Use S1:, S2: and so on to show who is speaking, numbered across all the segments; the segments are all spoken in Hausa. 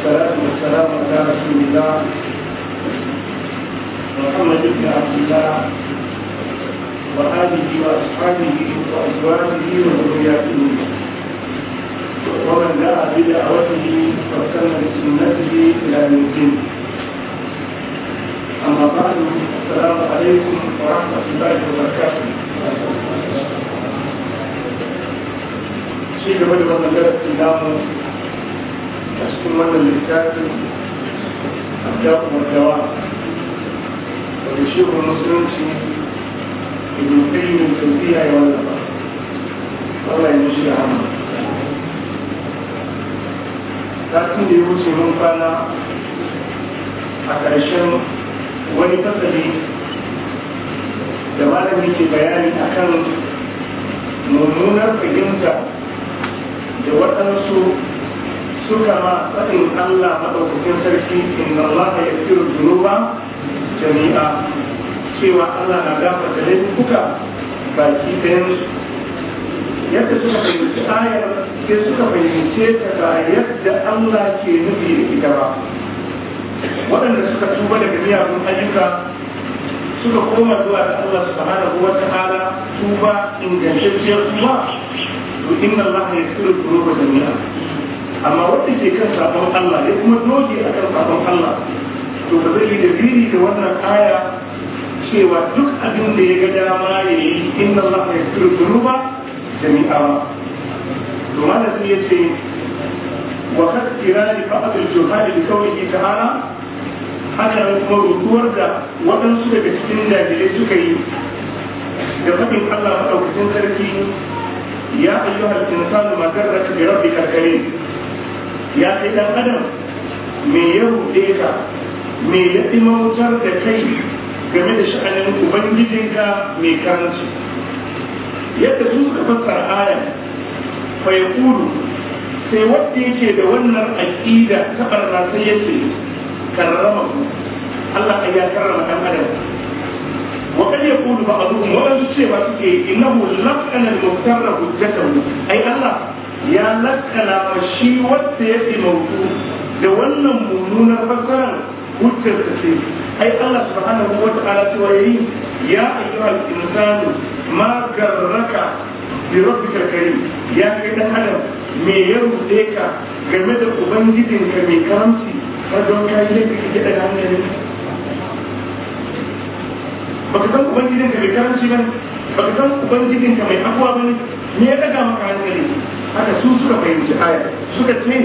S1: والصلاة والسلام على رسول الله محمد بن عبد الله وآله وأصحابه وأزواجه وذرياته ومن دعا بدعوته وسلم بسنته إلى يوم الدين أما بعد السلام عليكم ورحمة الله وبركاته شيء بدر من درس الله a cikin wannan littafin abdaku wadawa wadda shehu musulunci ibn qayyim tawfiya ya wallafa Allah ya mishi rahama satin da ya wuce mun kwana a ƙarshen wani fasali da malami ke bayani a akan mummunar fahimta da waɗansu suka ma faɗin Allah maɗaukakin sarki in Allah ya fi ruba jami'a cewa Allah na gafarta kuka baki ɗayansu yadda suka fahimci ayar sai suka fahimce ta ba yadda Allah ke nufi da ita ba waɗanda suka tuba daga miyagun ayyuka suka koma zuwa da Allah subhanahu wa ta'ala tuba ingantacciyar kuma to inna Allah ya fi ruba jami'a amma wanda ke kan sabon Allah ya kuma doge a kan sabon Allah to ba zai yi da biri da wannan aya cewa duk abin da ya ga dama ya yi inna Allah ya fi zunuba da mi'awa to ma da ya ce wa kaskira li ba'd al-juhal kawai ke ta'ala haka kuma rukuwar da waɗansu daga cikin jahilai suka yi da faɗin Allah maɗaukacin sarki ya ayyuhal insanu ma bi rabbika karim ya ce ɗan adam me ya ruɗe ka me ya dimautar da kai game da sha'anin ubangijinka mai karanci yadda su suka fassara aya fa yaqulu sai wanda yake da wannan aƙida ta barna sai yace karrama Allah ya karrama ɗan adam ba a zuwa waɗansu cewa suke تشيء lafƙanar لقن المغتر mu. Ai Allah. ya lakana wa shi wanda fi mautu da wannan mummunar fassarar hujjar ta ce ai Allah subhanahu wa ta'ala cewa yayi ya ayyuhal insanu ma garraka bi rabbikal karim ya kai da adam me ya rude ka game da ka mai karamci har don ka yi laifi kike daga hankali baka san ka mai karamci ba baka san ka mai abuwa ba ne me ya daga maka hankali haka su suka fahimci ayar suka ce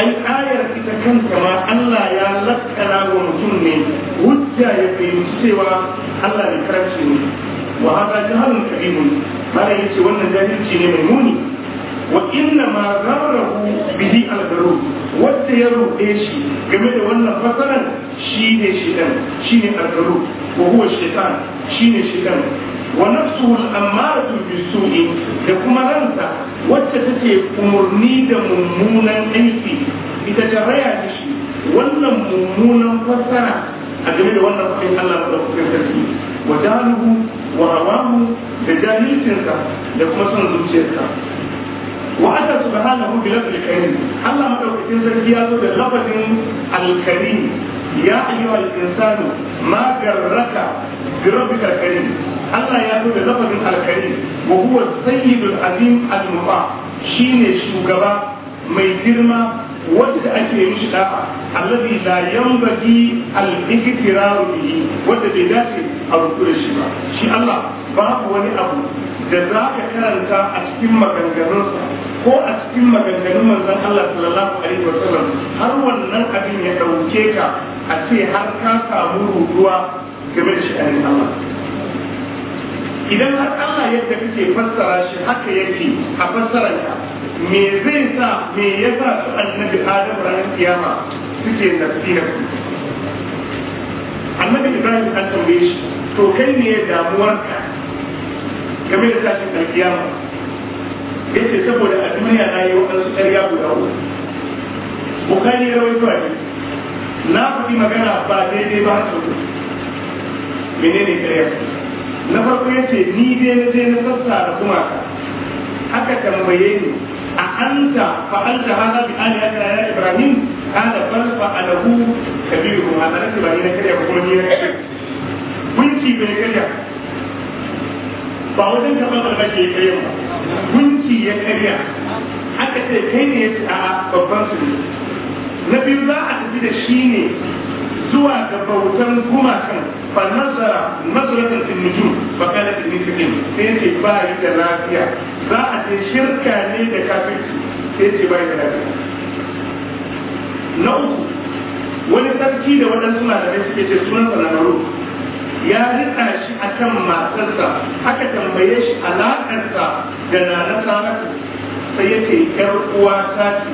S1: ai ayar ita kanta ma Allah ya lakkana wa mutum ne hujja ya fahimci cewa Allah ne karanci ne wa hada jahalun kabirun mana yace wannan jahilci ne mai muni wa inna ma gharrahu bihi al wanda ya ruɗe shi game da wannan fasaran shine shidan shine al-gharur wa huwa shaytan shine shidan wa nafsuhu al-ammaratu bisu'i da kuma ransa wacce take umarni da mummunan aiki ita ta raya shi wannan mummunan fassara a game da wannan fahim Allah da kuka sarki wa jaluhu wa rawahu da jahilcinsa da kuma son zuciyarsa wa ata subhanahu bi lafzil karim Allah madaukakin sarki ya zo da lafazin alkarim ya ayyuha al-insanu ma garraka bi rabbikal karim Allah ya zo da lafazin alkarim wa huwa sayyidul azim al-muba shine shugaba mai girma wanda ake mishi da'a allazi la yanbaghi al-iktiraru bihi wanda bai dace a rubu da shi ba shi Allah babu wani abu da za ka karanta a cikin maganganunsa ko a cikin maganganun manzon Allah sallallahu alaihi wasallam har wannan abin ya dauke ka a ce har ka samu ruduwa game da shi Allah idan har Allah yadda kake fassara shi haka yake a fassarar ta, me zai sa me yasa su annabi Adam ranar kiyama suke nafsi na annabi Ibrahim an tambaye shi to kai ne damuwarka game da tashin Ya yace saboda a duniya na yi su ƙarya guda uku bukari ya rawaito a na kuɗi magana ba daidai ba haka menene ƙarya na farko ya ce ni dai na je na kuma. gumaka haka tambaye ni a anta fa'alta hada bi aliyatina ya ibrahim kada bal Alahu, Kabiru. hada na ba ni na kare ba kuma ni na karya ci bai karya ba wajen karɓar da ke karya ba ci ya karya Haka sai kai ne ya ci a babban su ne na biyu za a tafi da shi ne zuwa ga bautan gumakan fa nazara nazaratan fil nujum fa kana ce ba yi da lafiya za a ce shirka ne da kafirci sai ce ba yi da lafiya na wani sarki da waɗansu malamai suke ce sunan sanararru ya rika shi akan matarsa aka tambaye shi alaƙarsa da nana saratu sai ya ce ‘yar uwa ta ce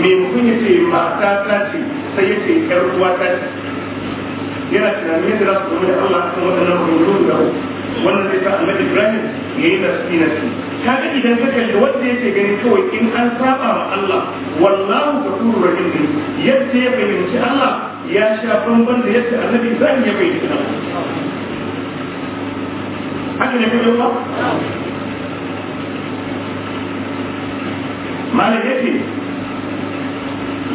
S1: me mutum ya ce mata ta ce sai ya ce ‘yar uwa ta ce yana tunanin yadda za su zama da Allah akan waɗannan rubutu da wannan zai sa annabi Ibrahim ya yi nasi nasi kaga idan ka kalli wanda yake gani kawai in an saba ma Allah wallahu ghafurur rahim yadda ya fahimci Allah ya sha bamban da yadda annabi Ibrahim ya fahimci Allah haka ne kai ba malam yake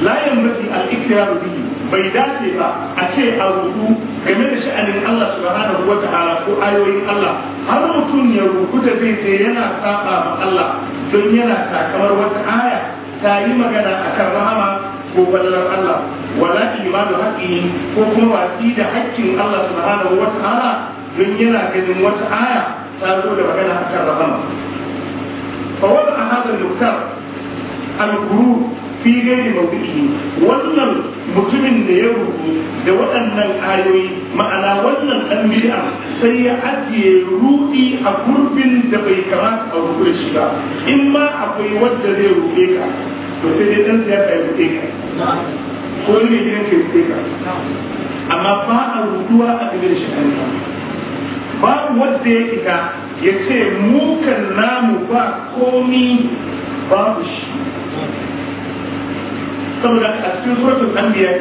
S1: la yanbaghi al-ikrar bihi bai dace ba a ce a rubu game da sha'anin Allah subhanahu wa ta'ala ko ayoyin Allah har mutum ya rubu da zai ce yana saba ma Allah don yana takamar wata aya ta yi magana a akan rahama ko ballar Allah wala imanu haƙi ko kuma watsi da haƙƙin Allah subhanahu wa ta'ala don yana ganin wata aya ta zo da magana a akan rahama fawar a hada muktar al fi gairi mawdu'i wannan mutumin da ya rubu da waɗannan ayoyi ma'ana wannan ɗanbiya sai ya ajiye ruɗi a gurbin da bai kamata a rubu shi ba in ma akwai wanda zai rufe ka to sai dai ɗan siyasa ya rufe ka ko ne mai gidan ke rufe ka amma ba a rubuwa a cikin shi ba wanda ya ita ya ce mukan namu ba komi babu shi saboda a cikin suratul anbiya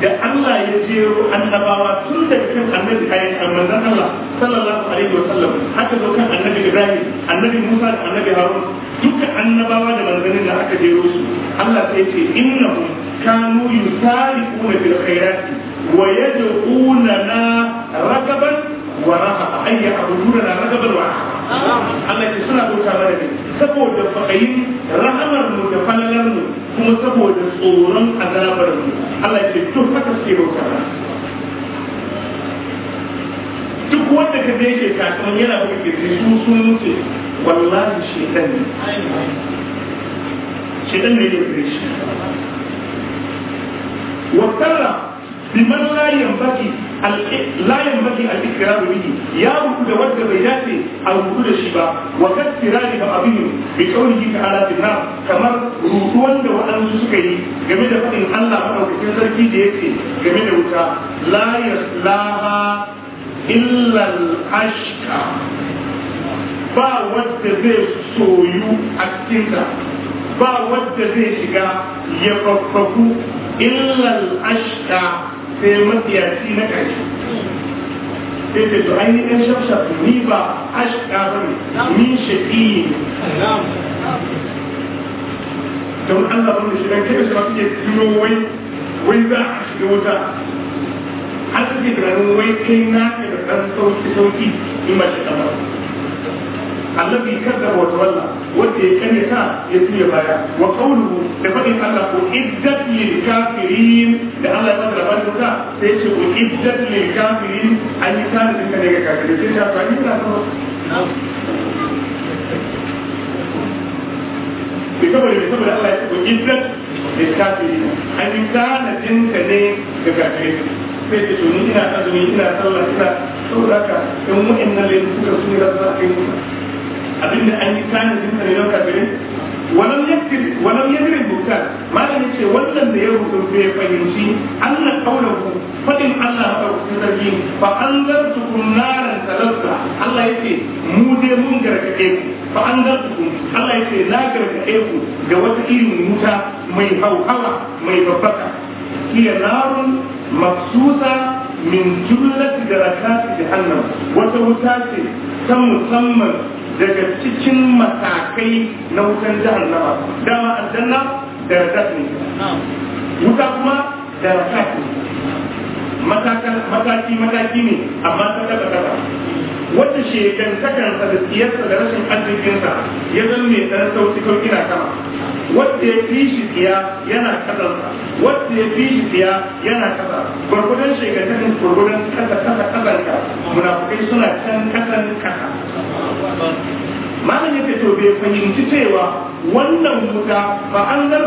S1: da Allah ya jero annabawa tun daga kan annabi ayyukan manzon Allah sallallahu alaihi wa sallam haka zo kan annabi Ibrahim annabi Musa da annabi Harun duka annabawa da manzannin da aka jero su Allah sai ce innahum kanu yusariquna fil khairati wa yad'unana ragaban wa rahaqa ay ya'buduna ragaban wa Allah ya suna bauta mana ne saboda fa'in rahamar mu da falalar mu kuma saboda tsoron azabar mu Allah ya ce duk haka suke bauta duk wanda ka zai ke kasuwan yana buga ke su sun wuce wallahi shekan ne shekan ne ya fi shi bi biman la yanbaki لا ينبغي الاقرار به يا رب ود بيداتي او رد da وقد فراد ابيهم بقوله تعالى في النار kamar روحوان da waɗansu suka yi game da faɗin Allah maɗaukakin sarki da yake game da wuta la yaslaha illa al-ashqa ba wadda zai soyu a cikinta ba wadda zai shiga ya fafaku illa al-ashqa sai mafiyaci na ƙarshe sai ce to an yi ni ba ashka ba ne ni shaƙi ne don Allah ba ne shi ɗan kai shi ba tuno wai wai za a shiga wuta har suke tunanin kai na ke da ɗan sauki sauki in ba shi ɗan allazi kazzaba wa tawalla wanda ya kane ta ya tuya baya wa qawluhu da fadin Allah ko iddat lil kafirin da Allah ya fara bani ta sai ce ko iddat lil kafirin an yi tare da kare ga kafirin sai ta fadi ta saboda mai saboda Allah ya ce ko iddat lil kafirin an yi tare da kare ga kafirin sai da tuni ina azumi ina sallah ina saboda haka in mu'in nan lai suka suna za a kai mutum Abin da an yi tanadin sa ne don kafirai walam yaktir walam yadri bukar malam yace wannan da ya rubuta ya fahimci Allah ku fadin Allah madaukakin sarki fa an anzartukum naran talazza Allah ya ce mu dai mun gargaɗe ku fa an anzartukum Allah ya ce na gargaɗe ku ga wata irin wuta mai hauhawa mai babbaka hiya narun maksusa min jumlat darakat jahannam wata wuta ce ta musamman daga cikin matakai na wutan jahannama dama aljanna da rasat wuta kuma da rasat ne mataki mataki ne amma ta daga wata shekantakansa da tsiyarsa da rashin arzikinsa ya zan mai ɗan sauti sauki na sama wanda ya fi shi tsiya yana kasarsa wanda ya fi shi tsiya yana kasa gwargwadon shekantakan gwargwadon kasa kasa kasanka munafukai suna can kasan kasa malam yake to bai fahimci cewa wannan wuta ba an na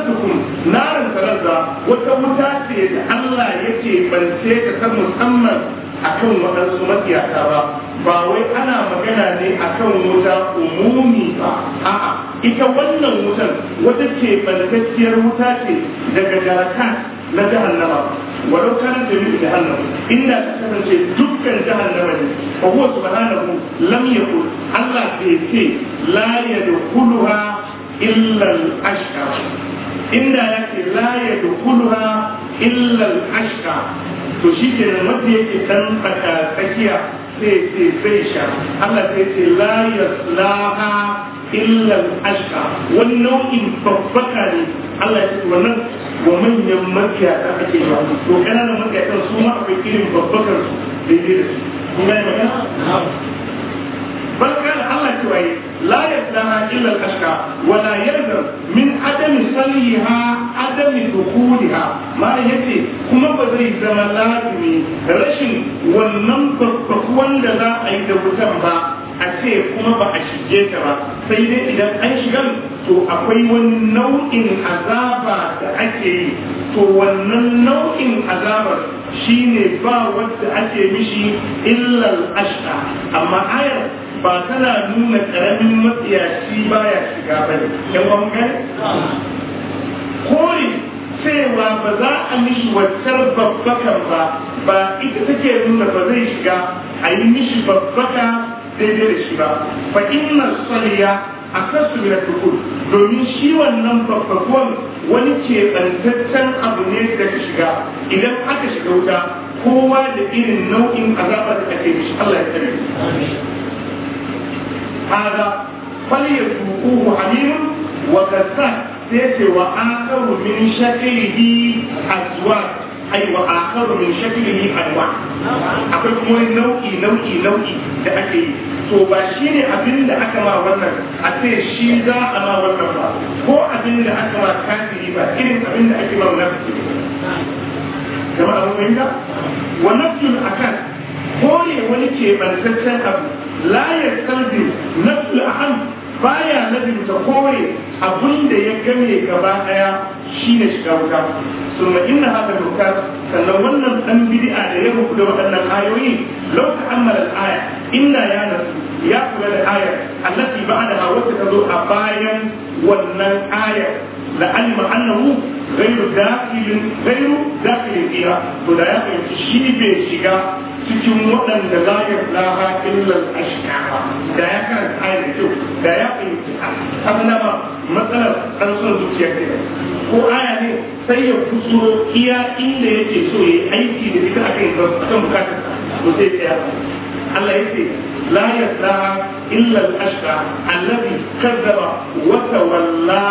S1: narin sararza wata wuta ce da Allah ban bance ta ta musamman akan waɗansu matiyata ba ba wai ana magana ne akan wuta umumi ba a'a ita wannan wutan wata ce balagacciyar wuta ce daga jarakan na jahannama walau kana da mu jahannam inda ta kasance dukkan jahannama ne fa huwa subhanahu lam yakul Allah bai ce la yadkhuluha illal ashqa inda yake la yadkhuluha illal ashqa to shi ke nan wanda yake kan tsaka tsakiya sai sai sai sha Allah sai ce la yaslaha illal ashqa wani nau'in babbaka ne Allah ya ce wannan wa manyan makiyata ake ba to kananan makiyatan su ma akwai irin babbakar su daidai da su kun gane magana إلا الأشقى ولا يقدر من عدم صليها عدم دخولها ما يتي كما بدري زمان لازمي رشن za تقوان لذا أي دبتان با ace kuma ba a shige ta ba sai dai idan an shiga to akwai wani nau'in azaba da ake yi to wannan nau'in azabar shine ba wanda ake mishi illar ashqa amma ayar ba tana nuna karamin matsiyaci ya shiga ba ne yan wangan kori cewa ba za a mishi wancan babbakar ba ba ita take nuna ba zai shiga a yi mishi babbaka daidai da shi ba fa inna saliya a kasu da domin shi wannan babbakon wani tsantaccen abu ne da shiga idan aka shiga wuta kowa da irin nau'in azabar da ake mishi Allah ya tare هذا فليسوقوه حميم وكسر سيتي وآخر من شكله أزواج أي وآخر من شكله أنواع akwai kuma nau'i nau'i nau'i da yi to ba shi ne abin da aka ma wannan a ce shi za a ma wannan ba ko abin da aka ma kafiri ba irin abin da ake ma munafiki jama'a mun fahimta wa nafsul akan kore wani ke bantaccen abu la yastanzi na aham baya nazimta kowai abin da ya game gaba daya shine shiga wuta sunna inna hada doka sannan wannan dan bid'a da ya da waɗannan ayoyi law ta'ammala al-aya inna ya nasu ya kula da aya allati ba'daha wacce ta zo a bayan wannan aya لعلم انه غير داخل غير داخل فيها ولا يقع في bai shiga. cikin waɗanda la yaslaha illa al-ashqa da ya karanta da kyau da ya fahimci abin da ba matsalar an son zuciya ke ko aya ne sai ya kusuro iya inda yake so ya aiki da ita akan kan bukatar to sai tsaya Allah ya ce la yaslaha illa al-ashqa alladhi kazzaba wa tawalla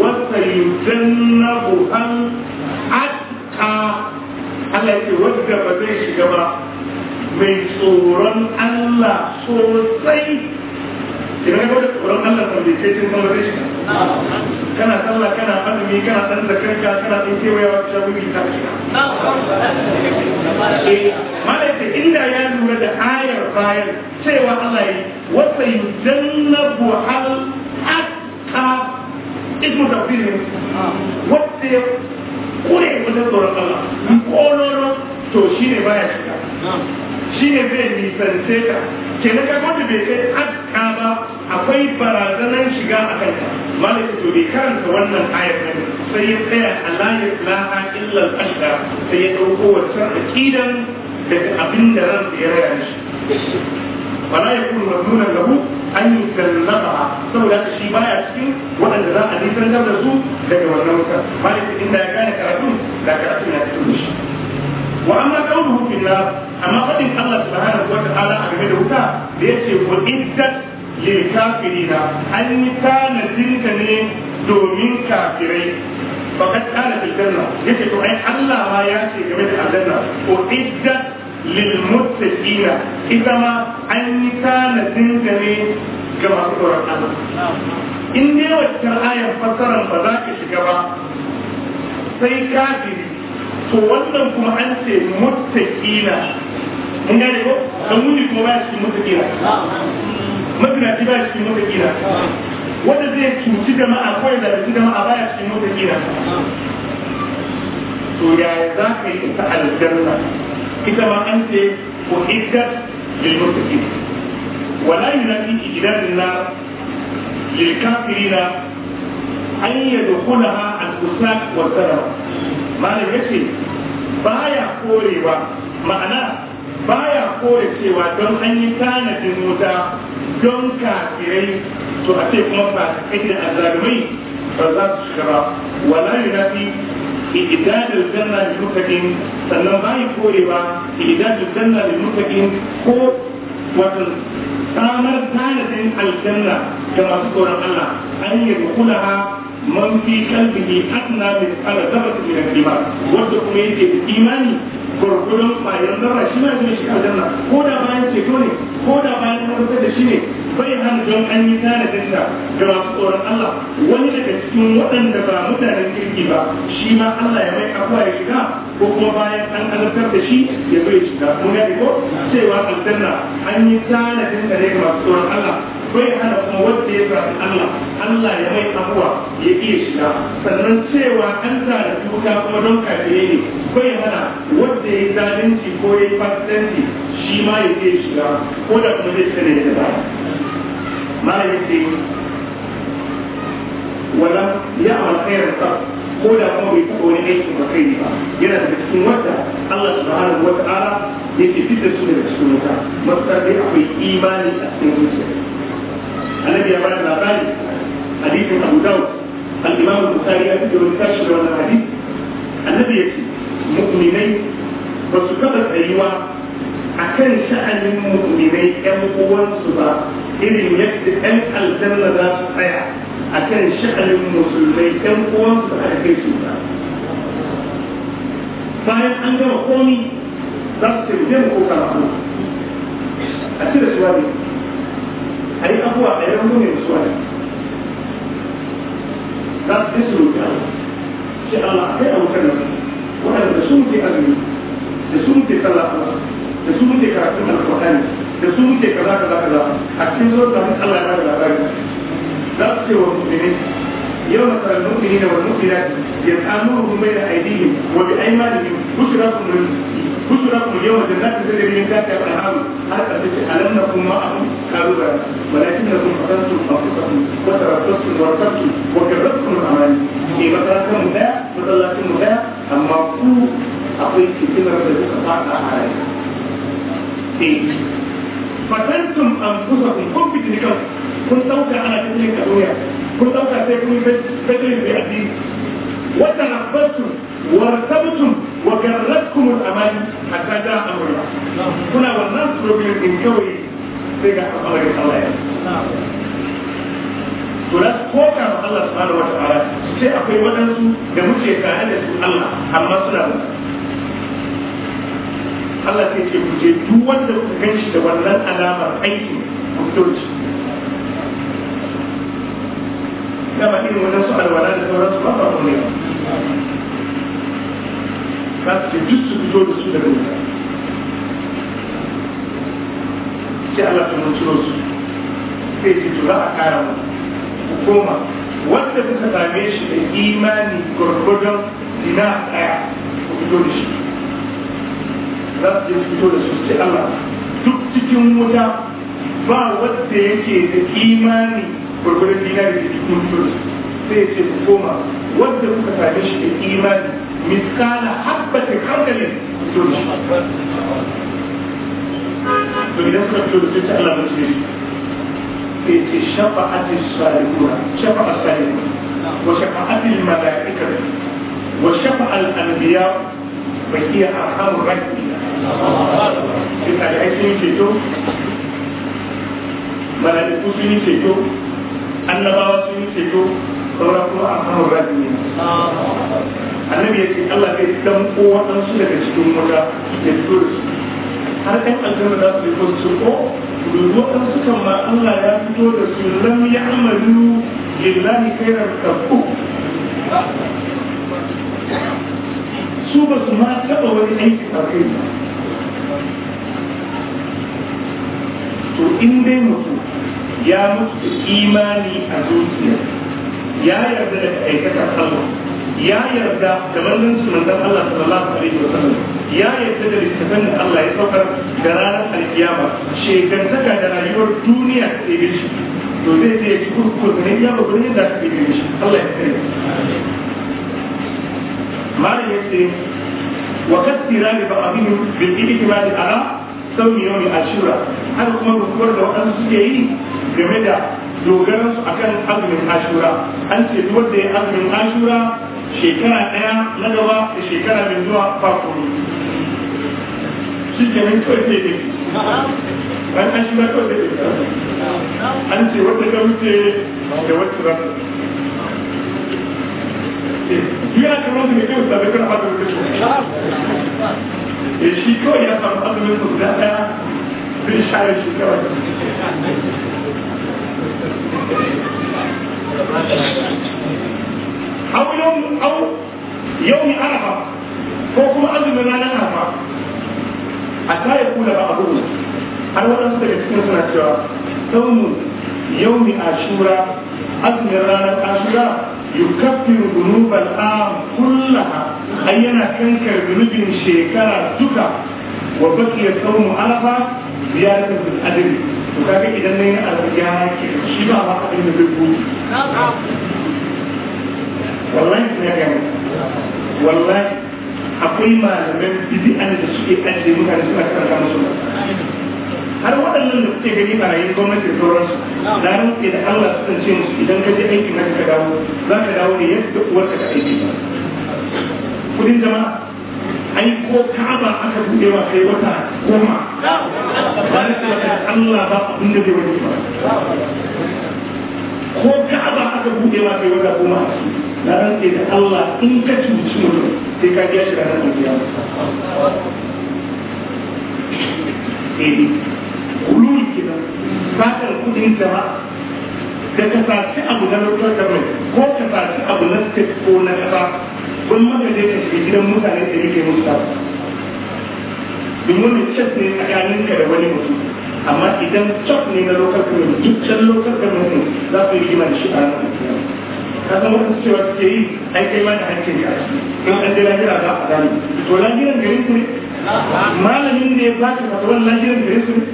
S1: wa sayujannabu an atqa Allah ya ce wanda ba zai shiga ba mai tsoron Allah sosai idan ka da tsoron Allah kan bai kai cikin kamar rashin kana sallah kana azumi kana dan zakarka kana dan kewayawa ta wuri ta kina malaka inda ya lura da ayar bayan cewa Allah yi wasa yujannabu hal hatta ismu tafsirin wata ya kure wajen tsoron Allah ko to shi ne baya shiga shi ne zai nisance ka ke na kaga da bai kai haƙƙa ba akwai barazanar shiga a kanta malaka to bai karanta wannan ayar ne sai ya tsaya a layar laha illal ashda sai ya ɗauko wata aƙidan daga abin da ran ya raya shi wala ya kuma nuna gabu an yi sallaba saboda shi baya cikin waɗanda za a nisantar da su daga wannan wuta malaka inda ya gane karatu da karatu na cikin shi واما قوله في النار اما قد الله سبحانه وتعالى اجمد وتا ليتي وعدت للكافرين ان كان تلك من دومين كافرين فقد كان في الجنه يتي تو اي الله ما ياتي جمد الجنه وعدت للمتقين اذا ما ان كان تلك من كما سورة الله إن دي وجه الآية فسرا فذاك الشكبة سيكافي to wannan kuma an ce muttaqina mun gane ko 'an muni kuma ba shi muttaqina mazinaci ba shi muttaqina wanda zai cuci jama'a ko ya zalunci jama'a ba shi muttaqina to ya za ka yi ta aljanna ita ma an ce ko iddat lil muttaqin wala yunafi ijdan na lil kafirina an yadkhulaha al-usaq wa malam ya ce ba ya korewa ma'ana ba ya kore cewa don an yi tanadin wuta don kafirai to a ce kuma ba kai da azalumai ba za su shiga ba wala yunafi idadul janna lil muttaqin sannan ba ya korewa idadul janna lil muttaqin ko wato samar tanadin aljanna ga masu tsoron Allah an yi dukulaha man fi kalbihi adna min ala zabati min al-iman wanda kuma yake da imani gurgurun bayan zarra shi na jin shi aljanna ko da bayan ceto ne ko da bayan karfe da shi ne bai hana don an yi tanadin da ga masu tsoron Allah wani daga cikin waɗanda ba mutanen kirki ba shi ma Allah ya mai abuwa ya shiga ko kuma bayan an azabtar da shi ya bai shiga mun gane ko cewa aljanna an yi tanadin da ne ga masu tsoron Allah bai hana kuma wanda ya zafi Allah Allah ya mai abuwa ya iya shiga sannan cewa an da duka kuma don kafire ne bai hana wanda ya zalunci ko ya yi shi ma ya iya shiga ko da kuma zai tsare ya ba ma ya ce wala ya amal khairar sa ko da kuma bai taɓa wani aikin ba kai ba yana da cikin wanda Allah subhanahu wa ta'ala yake fitar su daga cikin wuta masu tarbe akwai imani a cikin zuciya annabi ya bada labari hadisin Abu Dawud al-Imam Bukhari ya fito da kashi da wannan hadisi annabi ya ce mu'minai ba su taɓa tsayuwa a kan sha'anin mu'minai ƴan uwansu ba irin yadda ƴan aljanna za su tsaya a kan sha'anin musulmai ƴan uwansu a ba an gama komi za su a yi abuwa da yawan su wani Allah shi waɗanda da da da ya labari su ce يوم ترى المؤمنين والمؤمنات يسعى نورهم بين ايديهم وبايمانهم بشركم بشركم اليوم جنات تجري من تحتها الانهار هل الم نكن معهم قالوا بلى ولكنكم قتلتم انفسكم وتربصتم وارتبتم وكررتم الامان في مكانكم لا وطلعتم لا اما كو اقيم في كلمه ربك فاعلى عليها فتنتم انفسكم قم بتلك kun dauka ana cikin ka kun dauka sai kun fajrin bi addini wata tanaffastum wa rasabtum wa garrakum al aman hatta ja'a amrullah kuna wannan problem din kawai sai ga al'amarin Allah ya to da koka ma Allah subhanahu wa ta'ala sai akwai wadansu da muke tare da su Allah amma suna da Allah sai ce ku je duk wanda kuka ganshi da wannan alamar aiki ku fito taba irin wannan su alwala da sauran su ba ba ne ba su ce duk su fito da su daga wuta sai Allah ta mun ciro su sai ce to za a kara mu koma wanda kuka same shi da imani gurgurdon dina daya ku fito da shi za su je fito da su sai Allah duk cikin wuta ba wanda yake da imani gurgurin dinari da cikin turus sai ce ku koma wanda kuka same shi da imani miskala habbata kankalin turus to idan suka fito da sai Allah mace shi sai ce shafa'ati salihuna shafa'a salihuna wa shafa'ati malaika wa shafa'a al-anbiya wa hiya arhamur rahimin sai ta da aikin ceto malaiku sun yi ceto annabawa sun yi ceto kuma a kama rabi ne annabi ya ce Allah zai dan ko waɗansu daga cikin wata ya fito da su kan ma Allah ya fito da su lam ya lillahi kafu su ba su ma wani aiki a in dai mutum ya mutu imani a zuciya ya yarda da aikata Allah ya yarda da wannan sunan Allah sallallahu alaihi wasallam ya yarda da littafin da Allah ya saukar da ranar alkiyama shekantaka da rayuwar duniya ta ɗebe shi to zai je ci kurkuku ne ya ba gurin da ta ɗebe shi Allah ya kare mara yace wa kasira li da bil ijtimai ala sawmi yawmi ashura har kuma rukuwar da wadansu suke yi game da dogaran su akan azumin ashura an ce duk wanda ya azumin ashura shekara ɗaya na gaba da shekara mai zuwa ba kuma shi ke min kawai sai ne bayan an shura kawai sai an ce wanda ka wuce da wata za su ya kamar su ne kyau da kana ba da wuce eh, shi kawai ya samu azumin su guda ɗaya bin share shi kawai abu yau abu yau ni ko kuma azumin ranar arafa a taya kula ba abu har waɗansu daga cikin suna cewa sanmu yau ni ashura azumin ranar ashura yukaffiru dunubal am kullaha ai yana kankar dunubin shekara duka wa bakiya sanmu arafa ya tafi adiri to kaga idan na yi alƙiya ke shi ba ma abin da zai buɗe wallahi na ga wallahi akwai malaman bid'an da suke ajiye mutane suna karanta musu har waɗannan da kuke gani barayin gwamnati sauransu na nufi da Allah su ce musu idan ka je na ka dawo za ka dawo ne yadda uwarka ka aiki kudin jama'a ai ko kaba aka buɗe wa kai wata goma ba na cewa Allah ba abin da zai wani ba ko kaba aka buɗe wa kai wata goma na rantse da Allah in ka cuci mutum sai ka biya shi da ranar biya eh, kuluri kenan sakar kudin jama'a da ka saci abu na lokacin ko ka saci abu na state ko na kasa wani mutane da shi gidan mutane da yake musu ta domin cas ne tsakanin ka da wani mutum amma idan cas ne na lokal government duk can lokal government za su yi rigima da shi a ranar ka san wata cewa suke yi ai kai ma da hanci ne a ciki in an dai lahira za a gane to lahiran gare su ne malamin da ya baki fatuwar lahiran gare su ne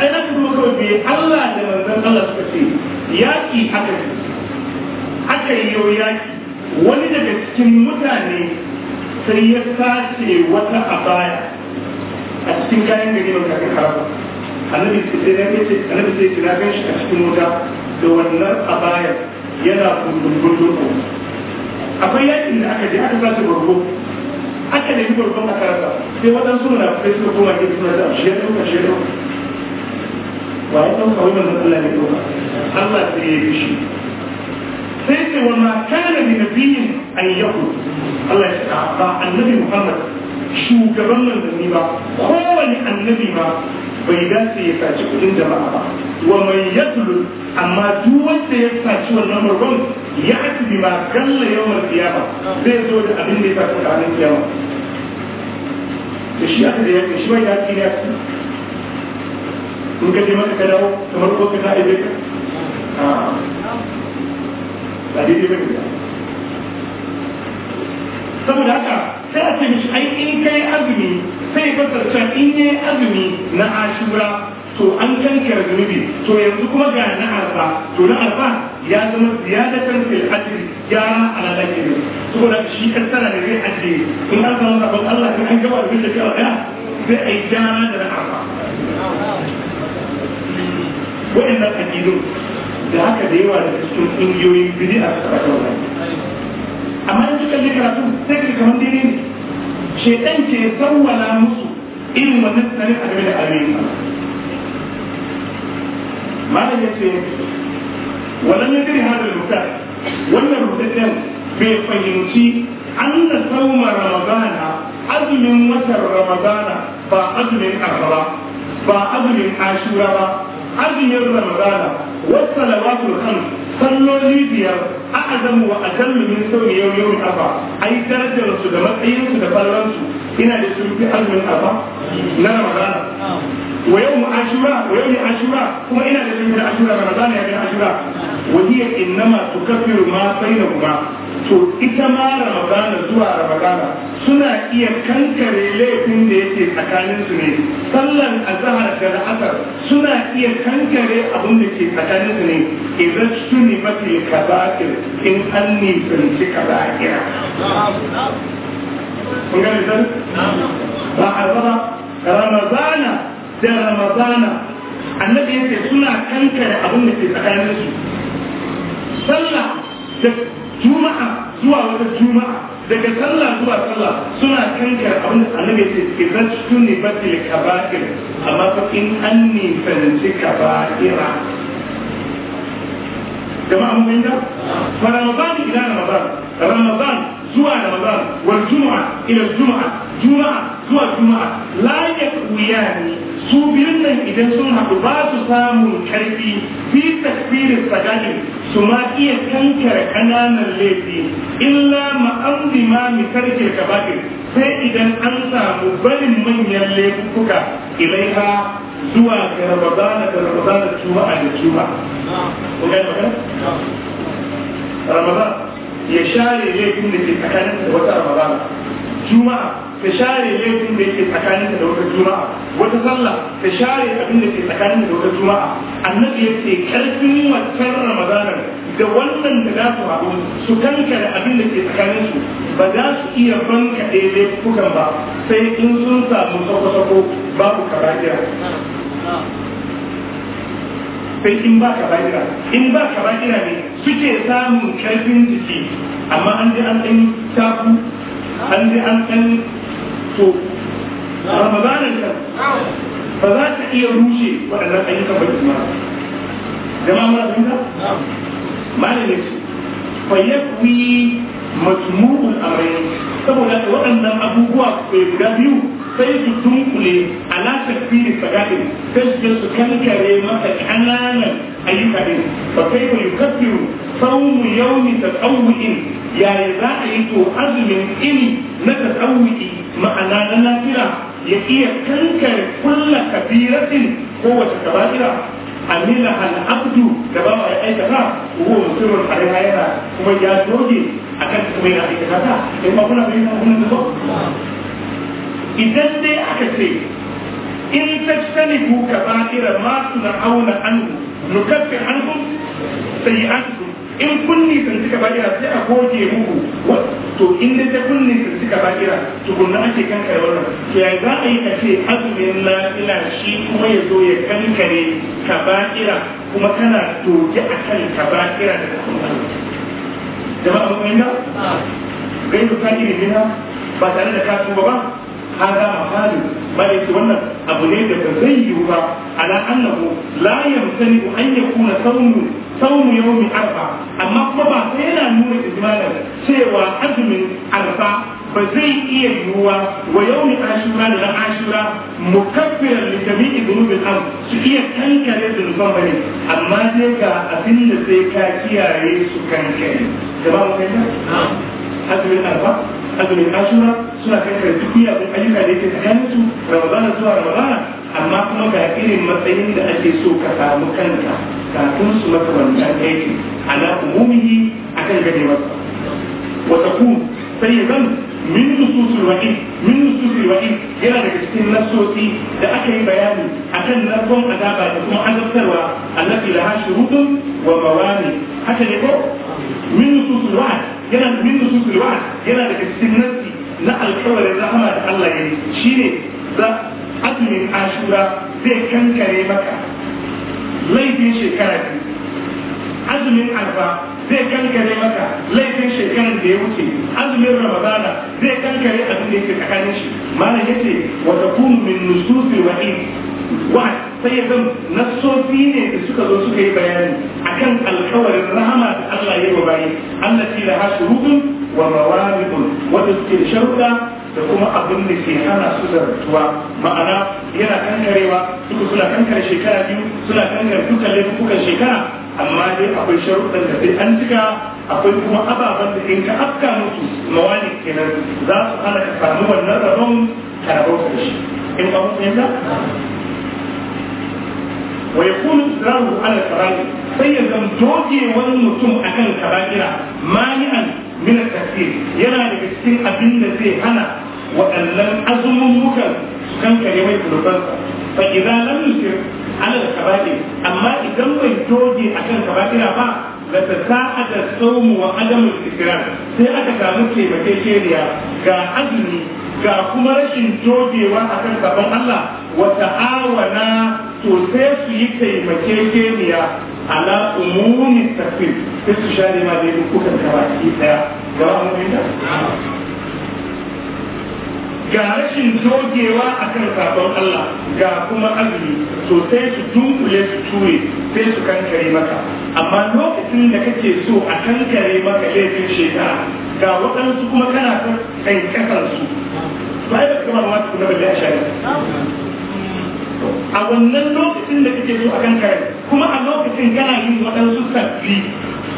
S1: ai na kuma kawai bai Allah da manzan Allah suka ce yaki haka haka yi yau yaki wani daga cikin mutane sai ya sace wata abaya a cikin kayan gari mai kafin haraba annabi sai ya ce annabi sai kira gan shi a cikin wuta da wannan abaya yana kundurkundurku akwai yakin da aka je aka sace barko aka nemi barkon aka karasa. sai waɗansu na kai suka koma ke suna da shi ya ɗauka shi ya ɗauka ba ya ɗauka wai manzon Allah ne ɗauka Allah sai ya yi shi sai ce wa ma kana bi nabiyyin an yahu Allah ya ba annabi Muhammad shugaban manzanni ba kowane annabi ma bai dace ya saci kudin jama'a ba wa mai yadlu amma duk wanda ya saci wannan murgun ya ci bi ma kalla yawan kiyama zai zo da abin da ya saci da ranar kiyama da shi aka da yake shi ya ci ya ci in ka je maka ka dawo kamar ko ka ta aibe ka saboda haka sai a ce mishi in kai azumi sai fasarta in yi azumi na ashura to an kankara zunubi to yanzu kuma ga na arfa to na arfa ya zama ziyadatan fil ajri ya ala lakin saboda shi kankara da zai ajiye in an zama rabon Allah in an gaba da bin da kawai sai a yi jana da na arfa da haka da yawa daga cikin ƙungiyoyin biyu a ƙasar amma in suka je karatu sai ka kamar daidai ne shedan ke sawwala musu irin wannan tsarin a game da arewa malam ya ce wannan ya kiri hadar rubuta wannan rubutun bai fahimci an da sauma ramadana azumin watan ramadana ba azumin arba ba azumin ashura ba azumin ramadana والصلوات الخمس salloli biyar a azamu wa ajallu min sauri yau yau afa ai darajar su da matsayin da fallon su ina da sun fi azumin afa na ramadana wa wa yau ne ashura kuma ina da sun fi ma to ita ma ramadana zuwa ramadana suna iya kankare laifin da yake tsakanin su ne sallan azhar da la'asar suna iya kankare abin da ke tsakanin su ne idan suni mafi kabakir in an nisanci kabakira kun gani san ba a zama ramadana da ramadana annabi yake suna kankare abin da ke tsakanin su sallah da juma'a zuwa wata juma'a daga sallah zuwa sallah suna kankar abin da annabi ce ke zaci ne batil kaba'ir amma fa in an nisanci kaba'ira jama'a mun fahimta fa ramadan ila ramadan ramadan zuwa ramadan wal juma'a ila juma'a juma'a zuwa juma'a la yaqwiyani su biyun nan idan sun haɗu ba su samun karfi fi takbirin sadaqin su ma iya kankare kananan laifi illa ma'amdi ma mi karke sai idan an samu barin manyan laifuka ilaiha zuwa ga ramadana da ramadana juma'a da juma'a. ya share laifin da ke tsakaninsa da wata ramadana juma'a ka share laifin da ke tsakaninsa da wata juma'a wata sallah ka share abin da ke tsakaninsa da wata juma'a annabi ya ce karfin wancan ramadana da wannan da za su haɗu su kankare abin da ke tsakaninsu ba za su iya banka daidai kukan ba sai in sun samu sako-sako babu karajira sai in ba ka ba'ira in ba ka ba'ira ne suke samun karfin jiki amma an ji an ɗan taku an ji an ɗan to ramadanin kan ba za ta iya rushe waɗannan ayyukan ba kuma jama'a mara yi malami su fayyakwi majmu'ul amrai saboda waɗannan abubuwa guda biyu sai su tunkule ala takfiri sagaɗin sai su su kankare masa ƙananan ayyuka ɗin fa kai ku yukaffiru saumu yawmi tatawwu'in yaya za a yi to azumin ini na tatawwu'i ma'ana na lafira ya iya kankare kulla kabiratin kowace kaba'ira amila abdu da ba ya aikata ko mutumin alaiha kuma ya doge akan kuma yana aikata ta in ba kuna bayyana kuma da idan dai aka ce in tajtanibu kaba'ira ma tunhauna anhu sai an sayi'atukum in kunni sun suka ba'ira sai a goge muku to in dai ta kunni sun suka ba'ira tukunna ake kankare wannan to ya za a yi ka ce azumin ina shi kuma ya zo ya kankare kaba'ira kuma kana doge a kan kaba'ira da kuma jama'a mun ga gairu ta iri ba tare da kasu ba ba hada mahalin bal yace wannan abu ne da ba zai yiwu ba ala annahu la yamtani an yakuna sawmu sawmu yawmi arfa amma kuma ba sai yana nuna ijmalan cewa azumin arfa ba zai iya yiwuwa wa yawmi ashura da ran ashura mukaffiran li jami'i dhunubil am su iya kankare dhunuban bane amma sai ga abin da sai ka kiyaye su kankare da ba mu kai azumin arfa azumin ashura suna karkar duk miyagun ayyuka da yake tsakanin su ramadana zuwa ramadana amma kuma ga irin matsayin da ake so ka samu kanka kafin su maka wannan aiki ala umumihi akan gane masa wata ku sai ya zan min nususul wa'id min nususul wa'id yana daga cikin nasosi da aka yi bayani akan lafon azaba da kuma azabtarwa allati laha shurutun wa mawani haka ne ko min nususul wa'id yana da min nusu sulwa yana da cikin nasi na alƙawarin rahama da Allah ya yi shine za azumin ashura zai kankare maka laifin shekara biyu azumin alfa zai kankare maka laifin shekarar da ya wuce azumin ramadana zai kankare abin da yake tsakanin shi mana yace wata takunu min nususil wa'id wa'ad sai ya zan nassofi ne da suka zo suka yi bayani akan alkawarin rahama da Allah ya yi bayi Allah ce da hasu rukun wa mawarikun wanda suke sharuɗa da kuma abin da ke hana su zartuwa ma'ana yana kankarewa duka suna kankare shekara biyu suna kankare dukkan laifukan shekara amma dai akwai sharuɗan da sai an cika akwai kuma ababen da in ka afka musu mawani kenan za su hana ka samu wannan rabon ka shi in ba mu wa yakunu israru ala karami sai ya zanto wani mutum akan kaba'ira mani'an min at-takfir yana daga cikin abin da zai hana waɗannan azumin mukan kankare mai kulubansa fa idan lam yusir alal kabari amma idan bai toge akan kabakira ba la tasa'ada sawmu wa adam al-ikram sai aka samu taimakekeniya ga azumi ga kuma rashin togewa akan gaban Allah wa ta'awana to sai su yi taimakekeniya ala umumi tafsir sai su sha ma da kukan karatu daya ga wani da ga rashin a kan sabon Allah ga kuma azumi to sai su dunkule su ture sai su kankare maka amma lokacin da kake so a kankare maka laifin shekara ga waɗansu kuma kana kan kasar su ba ya kama ba ma su kuma balle a shari'a a wannan lokacin da kake zuwa kan kare kuma a lokacin kana yin waɗansu sabbi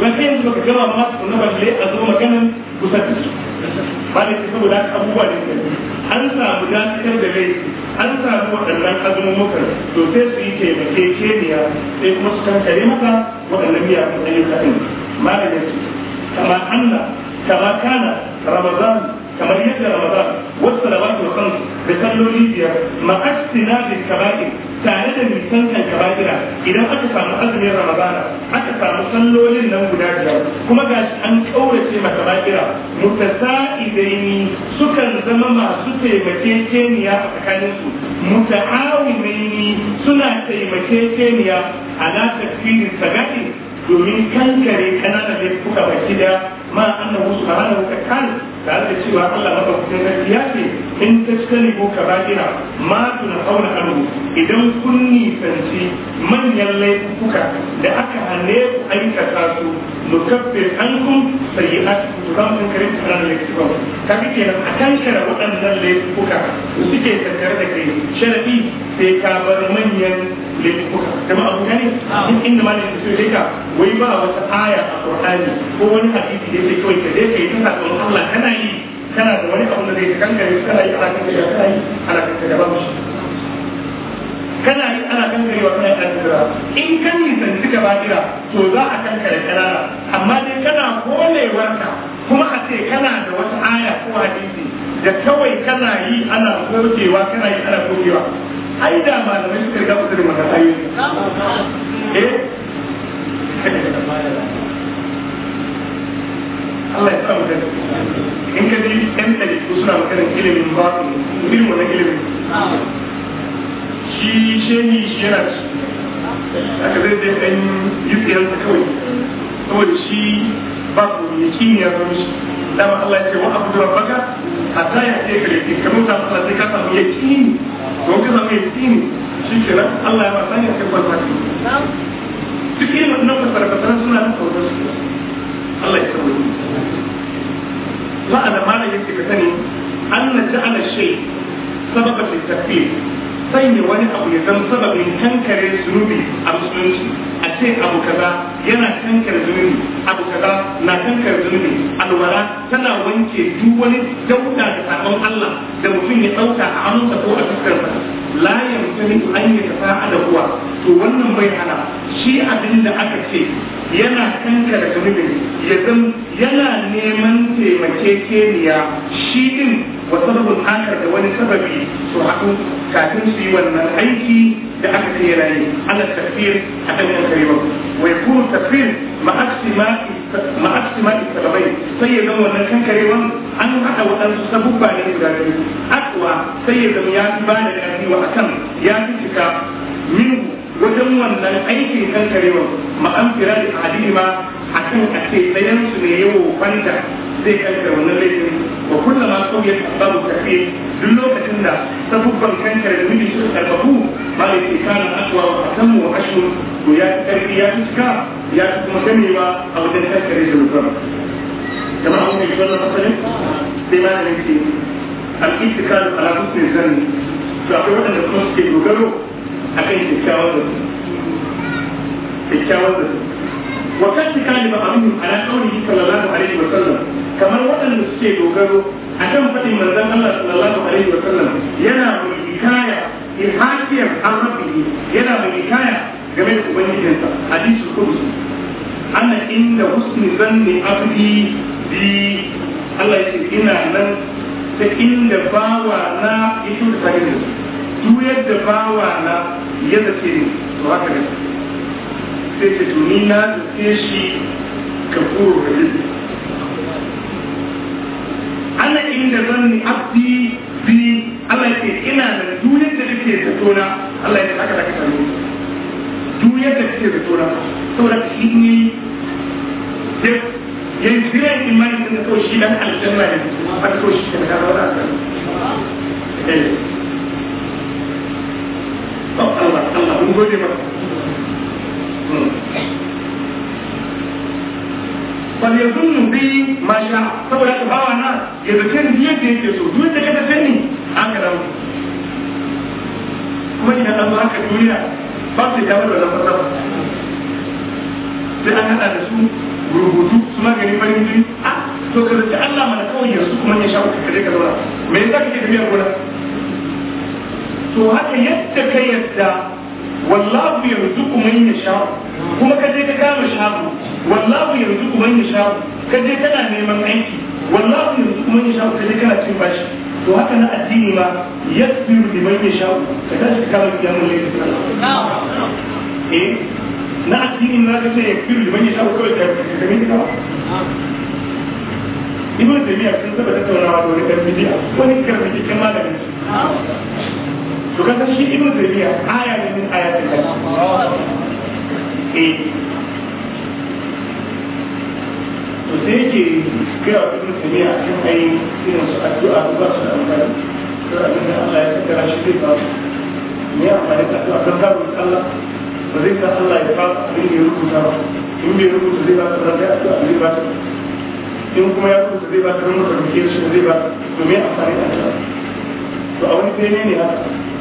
S1: wanda yanzu baka gaba ma su na balle a zo maganan kusa da su ba da saboda abubuwa da ke an samu dakatar da rai an samu waɗannan azumumukan to sai su yi taimake keniya sai kuma su kankare maka waɗannan biya ayyuka ɗin ma da yake kama Allah kama kana Ramadan kamar yadda ramadan wasu salawatu wa da salloli biyar ma'astina da kaba'ir tare da nisantan kaba'ira idan aka samu azumin ramadana aka samu sallolin nan guda biyar kuma ga an kaurace ma kaba'ira mutasa'idaini sukan zama masu taimakekeniya a tsakaninsu muta'awimaini suna taimakekeniya ala tafkirin saga'ir domin kankare kananan suka baki da ma annahu subhanahu wa ta'ala tare da cewa Allah maka kusan gaskiya ce in tattali ko ka bakira ma tuna hauna anu idan kun nisanci manyan laifuka da aka hane ku aikata su nukaffir an kun sayi a su za mu kare su laifuka ka ga kenan a kan shara waɗannan laifuka suke tattare da kai sharaɗi sai ka bar manyan laifuka kuma abu ne duk inda ma ne su sai ka wai ba wata aya a Qur'ani ko wani hadisi da yake kawai ka dace? kai ta sakon Allah kana yi kana da wani abu da zai kankare kana yi alakan da kana yi alakan da ba shi kana yi ana kankare wa kana yi alakan da in kan nisanci suka ba jira to za a kankare kanana amma dai kana kolewarka kuma a ce kana da wata aya ko hadisi da kawai kana yi ana gogewa? kana yi ana gogewa? ai da malamai suka ga mutum maka ayi eh Allah ya sa mu gani in ka ji ɗan ɗari ko suna magana ilimin ba su irin wannan ilimin shi shehi shi yana ci aka zai zai ɗan yi tsayar kawai saboda shi ba ku ya kimiyyar shi dama Allah ce wa abu da rabbaka hatta ya ce gare ki kamar ta Allah sai ka samu yaqini don ka samu ke nan Allah ya masa ya ce kwanta ki duk irin wannan fasarfatan suna da sauran su Allah ya sauke la'ana ma'ana da yake ka sani an na ja'ala shay sababa fi takfir sanya wani abu ya zama sababin kankare zunubi a musulunci a ce abu kaza yana kankare zunubi abu kaza na kankare zunubi Alwara tana wanke duk wani dauka da sabon Allah da mutum ya dauka a hannunsa ko a sa la yamtani an yatafa'a da kuwa to wannan bai hana shi abin da aka ce yana kankare zunubi ya zama yana neman taimakekeniya shi din wasu rubun hankar da wani sababi su haɗu kafin su yi wannan aiki da aka ce yana yi ala tafiyar a kan yan kare wa ya kuma tafiyar ma'aksima isalamai sai ya zama wannan kan karewan an haɗa waɗansu sabubba ne guda biyu akwa sai ya zama ya fi bada da yafi wa akan ya fi cika min wajen wannan aikin kan karewan ma'amfira da adima akan a ce ɗayansu ne yawo wanda zai kankar wannan laifin wa kullama qawiyat asbabu takhir duk lokacin da sabubban kankare da miji suka karbabu ma da ke kana aswa wa asamu wa ashur to ya fi ya fi ya kuma ganewa a wajen kankare da rufar kamar abin da ke wannan fasalin sai ma al-ittikal ala zanni to akwai waɗanda kuma suke dogaro akan kyakkyawar da da wa kasu kani ba abin ala kauli sallallahu alaihi wa sallam kamar waɗanda suke dogaro a kan faɗin manzon Allah sallallahu alaihi wa sallam yana mai hikaya ilhakiyar arrabihi yana mai hikaya game da ubangijinsa hadisi kudusi ana inda husni zanni abdi bi Allah ya ce ina nan ta inda bawa na ya shi da duk yadda bawa na ya zace ni to haka ne sai ce to ni na sai shi kafuru rahim ana inda zanni abdi bi Allah ya ina da duniyar da nake zato tona Allah ya ce haka da duniyar da kake zato na saboda shi ne yanzu zira imani din ko shi dan aljanna ne eh. ba ko shi da rawa da Allah Allah mun gode maka fal yakunu bi ma sha saboda ka bawa na ya ke ni da yake so duk da ka sani an ka dawo kuma idan an zo aka duniya ba su dawo da lafa lafar sai an hada da su rubutu su gani farin jini a ah, to ka zace Allah mana kawai yanzu kuma ya sha ka je ka zauna me yasa kake miyar gona to haka yadda ka yadda wallahu yarzuqu man yasha kuma ka je ka kama shago wallahu yarzuqu man yasha ka je kana neman aiki wallahu yarzuqu man yasha ka je kana cin bashi to haka na addini ma yasbiru liman yasha ka tashi ka kama kiyamul layl eh na addini na ka ce yasbiru liman yasha ka kawai ka kame ka ibn tabiya sun saba tattaunawa da wani karfi wani karfi cikin malamin to kaga shi ibnu aya ne min ayatin Allah eh. to sai yake kira ibnu taymiya kan ai irin su addu'a ba su da amfani to abin da Allah ya tsara shi zai ba ne amfani da addu'a kan karu Allah ba zai sa Allah ya ba abin da ya rubuta ba in bai rubuta zai ba su da addu'a zai ba su in kuma ya rubuta zai ba su da ke shi zai ba to me amfani da addu'a to a wani sai ne ne haka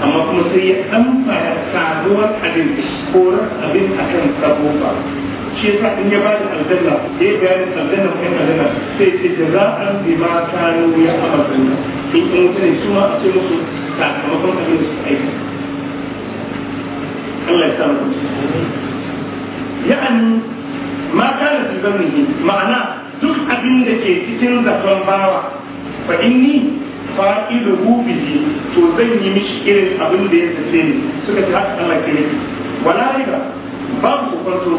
S1: amma kuma sai ya ɗanfara sabuwar abin korar abin a kan sabo ba shi yasa in ya bada aljanna ya bayani aljanna kai aljanna sai ce jaza'an bi ma kanu ya amalna in in mutane su ma a ce musu sakamakon abin da suka aiki Allah ya sa ya an ma kana fi zamnihi ma'ana duk abin da ke cikin zaton bawa fa inni fa'ilu bihi to zan yi mishi irin abin da ya sace ni suka ce haka Allah ke wala riba babu kokonto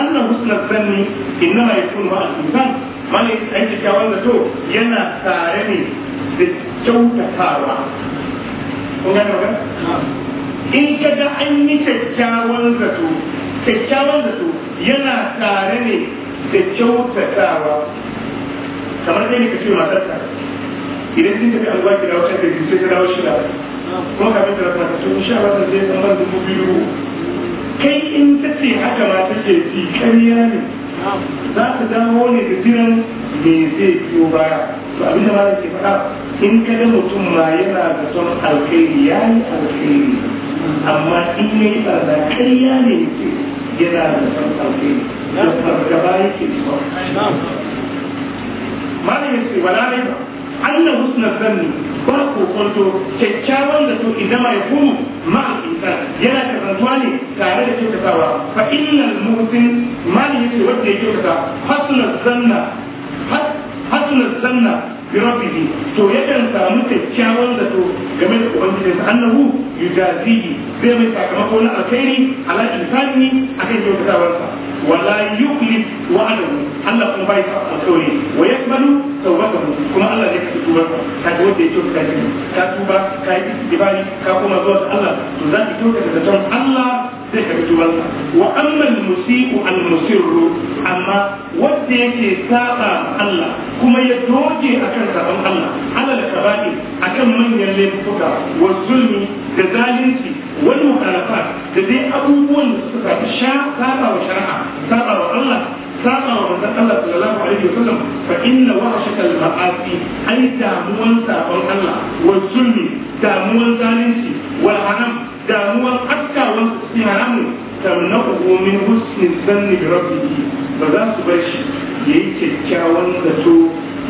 S1: anna husnul zanni ma yakunu ma'a insan malai an ce wanda to yana tare ne da kyautatawa kun ga magana in ka ga an yi kyakkyawan zato kyakkyawan zato yana tare ne da kyautatawa kamar dai ne ka ce matarsa idan kin tafi anguwa ki dawo shaka sai ta dawo shida kuma kafin ta rasa to insha Allah ya san ban dubu biyu kai in ta haka ma ta ce ji ƙarya ne za ta dawo ne da jiran me zai biyo baya to abin da malam ke faɗa in ka ga mutum ma yana da son alkhairi ya yi alkhairi amma in ya yi barna ƙarya ne yake yana da son alkhairi da fargaba yake so malam ya ce wala ne ba Allah husna zanni ba ko kyakkyawan da idan mai kuma ma insan yana kasantuwa ne tare da kyautatawa fa innal muhsin mali yake wanda ya kyautata hasna zanna hasna zanna bi rabbihi to yakan samu kyakkyawan da to game da ubangijinsa annahu yujazihi zai mai sakamako na alkhairi ala insani akan kyautatawarsa wala yuklif wa'adahu Allah kuma bai sa alƙawari wa yaqbalu tawbatahu kuma Allah zai karɓi tubar ka kaga wanda ya tuba ka ka tuba ka yi ibadi ka kuma zuwa ga Allah to za ki tuba da zaton Allah zai karɓi tubar wa amma al-musii'u al-musirru amma wanda yake saba Allah kuma ya doge akan saban Allah alal kaba'i akan manyan laifuka wa da zalunci wani mukalafa da dai abubuwan da suka fi sha saba wa shari'a saba wa Allah saba wa manzon Allah sallallahu alaihi wa sallam fa inna wahshaka al-ma'asi ai damuwan sabon Allah wa zulmi damuwan zalunci wal haram damuwan afkawan cikin haramun tamna'uhu min husni zanni rabbih ba za su bar shi yayi kyakkyawan zato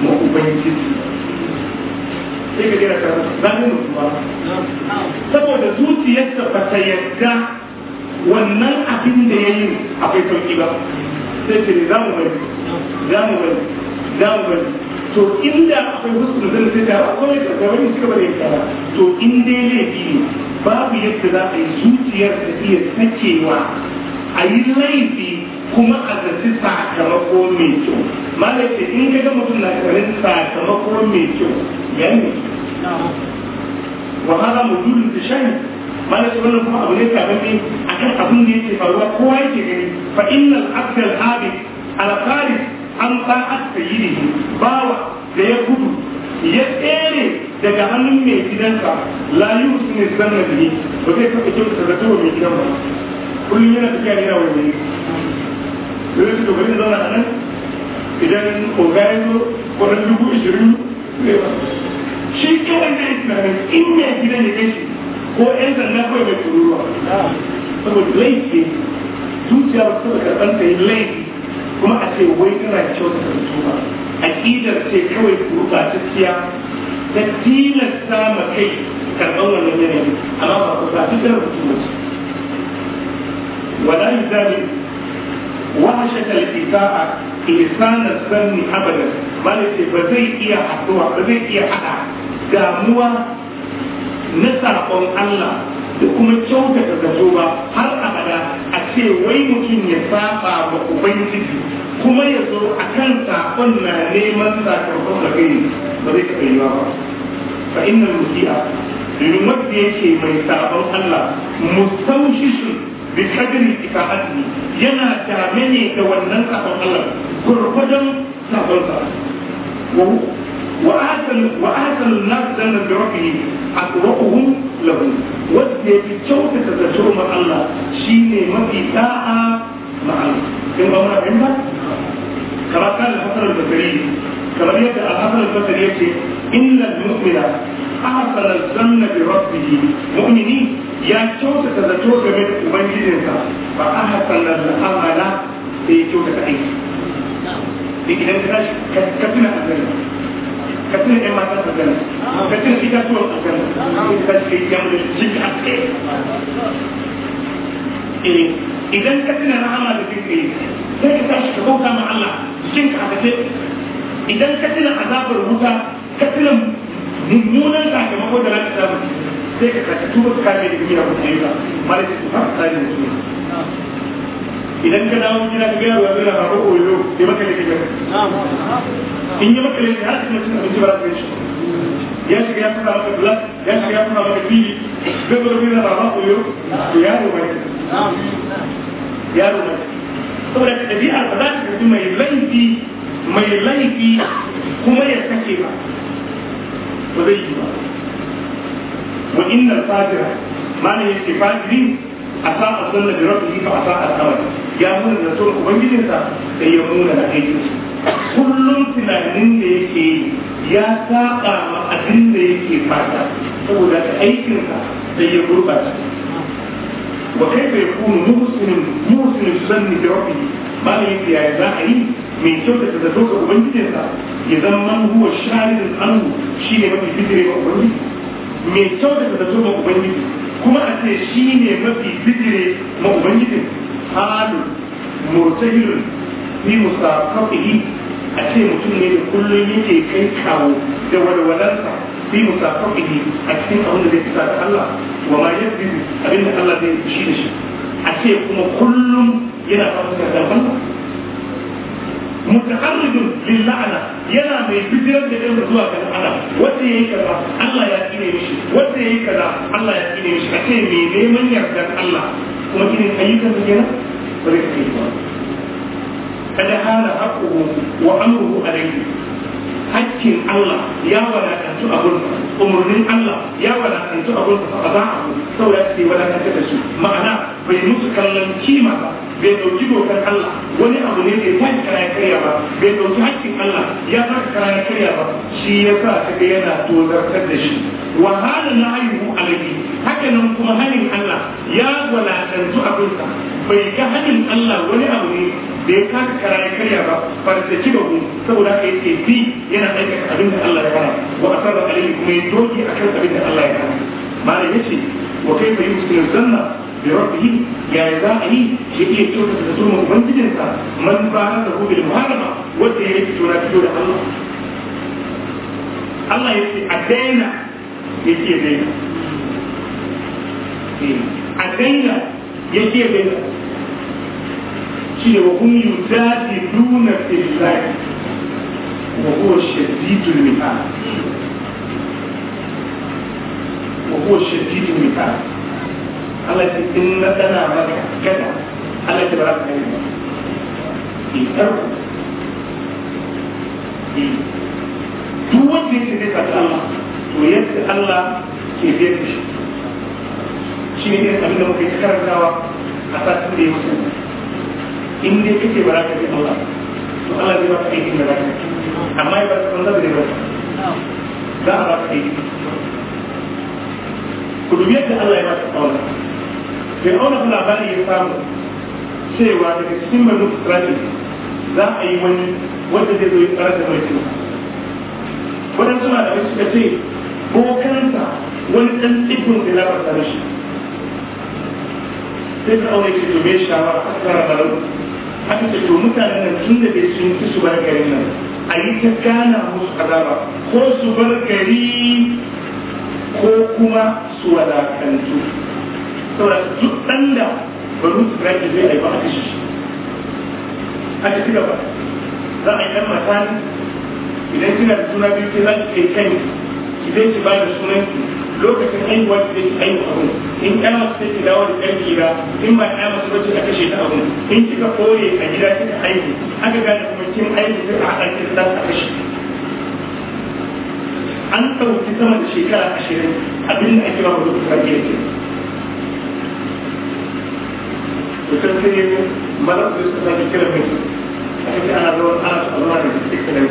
S1: ma ubangiji sai ka gina karar zanen mutuwa saboda zuciyarsa ba ta yadda wannan abin da ya yi akwai sauki ba sai ce za mu bari za mu bari za mu bari to inda akwai da zai sai tara kuma ya da wani suka bari ta to in dai laifi ne babu yadda za a yi zuciyar ta iya sakewa a yi laifi kuma a zaci sakamako mai kyau malam ce in ka ga mutum na karin sakamako mai kyau ya ne wa hada mujulun tishani malam ce wannan kuma abu ne sababbi akan abin da yake faruwa kowa yake gani fa innal akal habib al kharij an ta'at sayyidihi bawa da ya gudu ya tsere daga hannun mai gidansa la yi musu ne zanna bihi ba zai taɓa kyautar da tuwa mai gidan ba kullum yana tafiya ne na wani yau shi dogarin zama a nan idan ogayen zo kwanan dubu ishirin zai shi kawai zai tunanin in ya gida ne kai shi ko yan sanda kawai bai tururuwa saboda laifi zuciya ko da karɓar yi laifi kuma a ce wai tana kyauta da a aƙidar ce kawai gurɓatacciya ta tilasta ma kai karɓar wannan yanayi amma ba ku ba ta rubutu mace wala yi zalim وحشك الإساءة sanni abada أبدا بل بزي إيا zai iya إيا damuwa na نسابون Allah da kuma kyautata zato ba har abada a ce wai mutum ya saba wa ubangiji kuma ya zo a kan sakon na neman sakamakon da kai ba zai taɓa yiwa ba fa inna musi'a domin wanda yake mai sabon Allah musaushishin bi kadri ita'ati yana tame ne da wannan sabon Allah gurgudan sabon sa wa wa ahsan wa ahsan nas dalla bi rabbih aqra'uhum lahu wanda bi kyauta ta zato ma Allah shine mafi da'a ma Allah kin ba mun fahimta kama kan hasan al-basri kamar yadda al-hasan al-basri yace innal mu'mina ahsan al-zanna bi rabbih mu'mini ya kyautata zato game da ubangijinsa ba a hasanar da amana sai ya kyautata aiki da idan ka ka tuna azalin ka tuna ɗan matan azalin ka tuna itatuwan azalin ka tuna yan da shi a tsaye eh, idan ka tuna rahama da zikiri sai ka tashi ka bauta ma Allah jikinka a idan ka tuna azabar wuta ka tuna mummunan sakamako da zaka samu sai ka saka tuba ka kame da gina ku ayyuka mare su har tsari da su idan ka dawo gida ka gaya wa yana ba ko oyo sai maka ne kake in yi maka ne har ka cin abinci ba za ka shi ya shiga ya fara maka glass ya shiga ya fara maka tv zai zo gida ba ba oyo to yaro ba ne yaro ba saboda ɗabi'a ba za ta mai laifi mai laifi kuma ya sake ba ba zai yi ba wa innal fajira mana yace fajiri a sa a sunna bi rabbihi a asa al-amal ya nuna da tsoron ubangijinsa sai ya nuna da aikin shi kullum tunanin da yake yi ya saba ma abin da yake fata saboda aikinsa sai ya gurbata wa kaifa yakunu muhsinun muhsinun sanni bi rabbihi mana yace ya za a yi mai kyautata da zo ga ubangijinsa ya zama man huwa sharidin anhu shi ne mafi bijire ga ubangiji mai kyautata da zo ga ubangiji kuma a ce shi ne mafi fitire ma ubangijin halu murtahilun fi musaqafihi a ce mutum ne da kullum yake kai kawo da walwalarsa fi musaqafihi a cikin abin da zai fita da Allah wa ma yadda abin da Allah zai shi da shi a ce kuma kullum yana fata da Allah متخرج للعنة ينا ما يبتدر من إلم رسوله كالعنة وده يكذا الله يأتيني مشي وده يكذا الله يأتيني مشي أتي ميني من يردك الله ومكين أيضا من ينا فريق كيفا فدهان حقه وأمره عليه hakkin Allah ya wadatantu a umarnin Allah ya wadatantu a gurin a za a saboda ya ce wadatanta da su ma'ana bai musu kallon kima ba bai dauki dokar Allah wani abu ne bai tashi kaya karya ba bai dauki hakkin Allah ya saka kaya karya ba shi ya sa ga yana tozartar da shi wa na haihu alaihi haka nan kuma halin Allah ya wadatantu a bai ga halin Allah wani abu ne da ya kasa karaye karya ba ba da ci gaba saboda ka yace bi yana aikata abin da Allah ya fara wa asaba alayhi kuma ya doki akan abin da Allah ya fara ya yace wa kaifa musulun zanna bi rabbihi ya za a yi shi iya kyauta da zuwa ubangijinsa man ba da hu bil muharama wanda ya yi tona fito da Allah Allah yace a daina ya daina a daina daina shine wa hum yujadiluna fillahi wa huwa shadidul mi'ad wa huwa shadidul mi'ad Allah ya inna dana maka kada Allah ya baraka kai ba idan duk wanda yake zai fata Allah to yadda Allah ke zai shi shi ne abin da muke karantawa a satin da ya musulmi in dai kake ba za ka ji Allah to Allah zai baka aikin da za ka ci amma ya baka Allah zai baka za a baka aiki ku dubi yadda Allah ya baka kauna bai auna kuma labari ya samu cewa daga cikin banu Isra'il za a yi wani wanda zai zo ya tsara da mai waɗansu malamai suka ce bokansa wani ɗan tsibin da ya labarta da shi sai ta aure shi domin shawara a tsara da an ce to mutanen nan tun da bai sun ki su bar garin nan a yi ta gana musu azaba ko su bar gari ko kuma su wadatantu saboda duk ɗan da bari su gaji zai aiba a kashe shi a ta ci gaba za a yi ɗan matan idan kina da suna biyu ke za ki kai kanki ki zai ki ba da ki lokacin haihuwa da zai haihu abu in ɗan masu take dawo da ɗan gida in ba ɗan masu bace aka shi ta abin in kika kore a gida kika haihu aka gane kuma kin haihu kika haɗa ki da ta kashe an ɗauki sama da shekara ashirin abin da ake ba mu lokacin sarki yake kusan sai ne malam da suka sake kira mai aka ce ana zuwa ana su da suke kira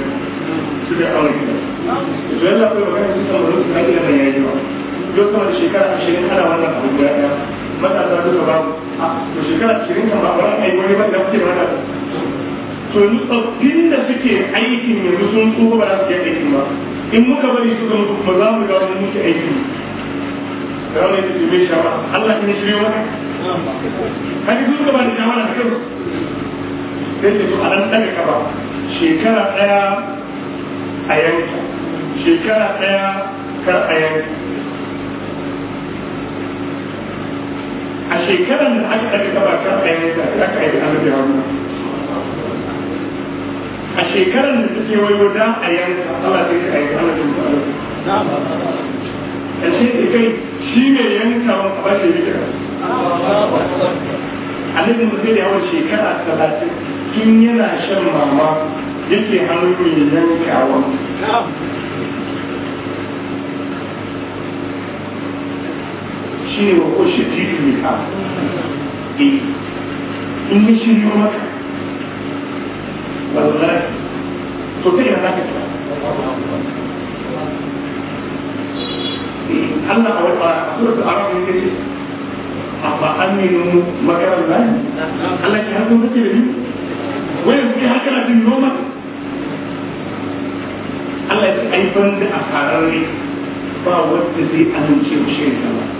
S1: su da awon gida. Zuwa Allah kuma magana su samu lokacin ba. yau sama da shekara ashirin ana wannan abu guda ɗaya matasa duka babu a to shekara ashirin kan ba ba a yi wani ba da kuke mana to ni tsoffin da suke aikin yanzu sun tsoho ba za su yi aikin ba in muka bari suka mutu ba za mu ga wani muke aikin da wani su bai shawara Allah ne shirye mana hadi su ka ba da shawara da kansu sai ce to a nan daga kaba shekara ɗaya a yanka shekara ɗaya kar a yanka a shekarar da aka ɗaga gabatar a yi da aka yi an da hannu a shekarar da suke wayo da a yanka Allah sai ka yi alaƙin da alaƙin a ce da kai shi mai yanka wa ba shi bita alibin da zai yawon shekara talatin in yana shan mama yake hannu mai yankawa shine wa ko shi tiri ne ka in ya shiryo maka wallahi to kai na zaka ta Allah a wata suratul arab ne kace amma aminu makaran lahi Allah ya hako kake da ni wai kai haka na din noma Allah ya aifan da a farare ba wanda zai amince mu shi ba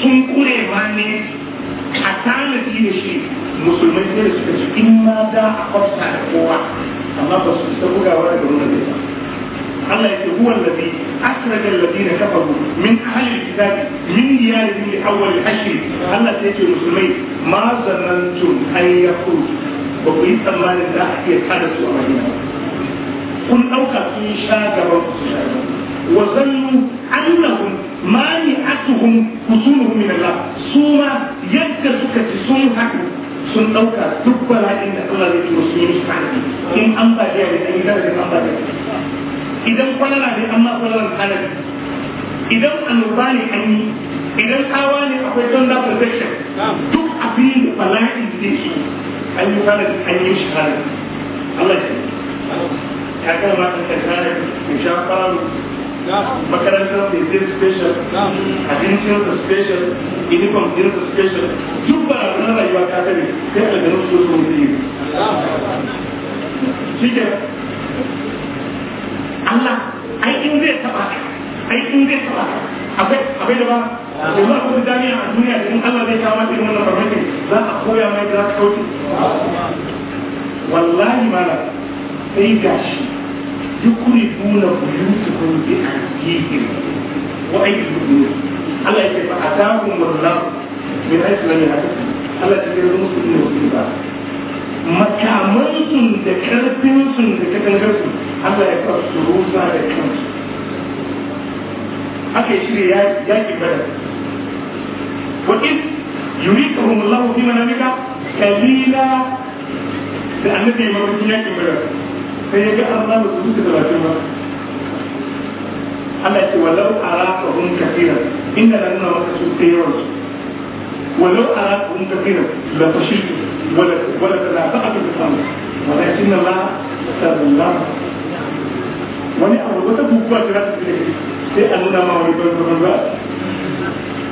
S1: sun kure ba ne a tanadi shi musulmai ne da suka ci in ma za a kwafta da kowa amma ba su ta buga wani da wani da Allah ya ce huwa lafi asirajen lafi na kafaru min halin kitabi min ya yi ne awwal Allah ta ce musulmai ma zanantun an ya kuru ba ku yi tsammanin za a iya kada su a madina kun ɗauka sun sha gaban su sha gaban wa zannu annahun mani asuhum usuluhum min Allah su ma yadda suka ci sun haɗu sun ɗauka duk bala'in da Allah zai turo su yi musu in an ba da yare an yi darajar an ba da idan kwalara ne an ma kwalara tanadi idan annoba ne an yi idan hawa ne akwai zonda protection duk abin da bala'in zai shi an yi tanadi an yi shi tanadi Allah ya ya kama ta tanadi in sha faru makarantar sai special abincin su special uniform din su special duk ba na rayuwa ta tare sai a ganin su sun yi shi ke Allah ai in zai taba ai in zai taba akwai akwai da ba da ba ku jami'a a duniya in Allah zai kawo maka wannan farmaki za a koya mai da za ka wallahi mana sai gashi تكون بيوتكم بأيديهم وأيدي البيوت الله يقول فأتاهم الله من حيث لم يحتسب Allah ta gina musu ne ba makamansun da karfinsun da katangarsu Allah ya fara su rusa da kansu aka yi shirya yaƙi bada ka yurika humullahu fi manamika kalila da annabi ya bada sai ya ga an ba su duka da bakin ba Allah ce walau araka hum kafiran inda na nuna maka su da yawan su walau araka hum kafiran la fashitu wala wala tanafa'atu bi amr walakin Allah sallallahu wani abu wata buguwa da za ta fi sai a nuna ma wani banzo banzo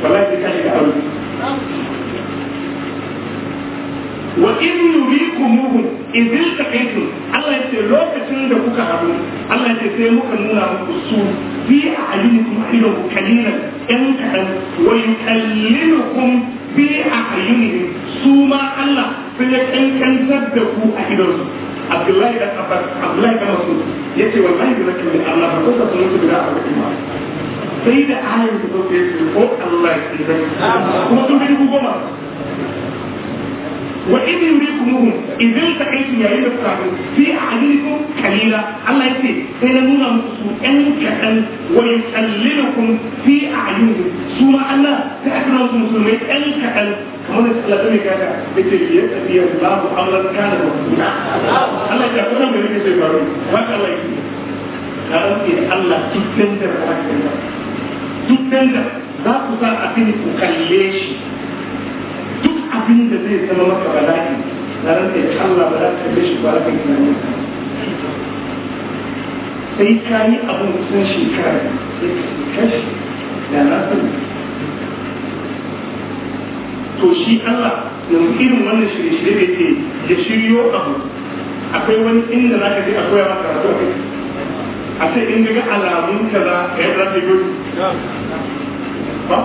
S1: wala ke kashi da aure wa in yurikumuhu idil taqaytum Allah ya ce lokacin da kuka haɗu Allah ya ce sai muka nuna muku su fi a'yunikum ilu kalilan in kadan wa yukallilukum fi a'yunihim su ma Allah sai ya kankantar da ku a idonsu Abdullahi da Abbas Abdullahi da Masud yace wallahi da zaki da Allah ba kusa sun mutu da arba'in ma sai da ayin da kuka yi ko Allah ya ce kuma sun bi dubu goma وإذا يريكموهم إذا التقيتم يا إذا تقابل في أعينكم قليلا الله يكفي سي نمونا مقصود أن كأن ويقللكم في أعينكم سورة الله تأكلوا المسلمين أن كأن كما نسأل ذلك هذا بتجيئة يا الله محمد كان الله الله يكفي من ذلك سيبارون ما شاء الله يكفي قالوا إن الله تتندر على كلمة تتندر ذاك ذاك أكيد مكليش abin da zai zama maka bala'i na rantar Allah ba za ka shi ba ka gina sai ka yi abin kusan shekara sai ka kashi da na to shi Allah yanzu irin wannan shirye-shirye da ke ya shiryo abu akwai wani inda za ka je a koya maka rato a sai in ga alamun kaza ya yi rafi gudu ba?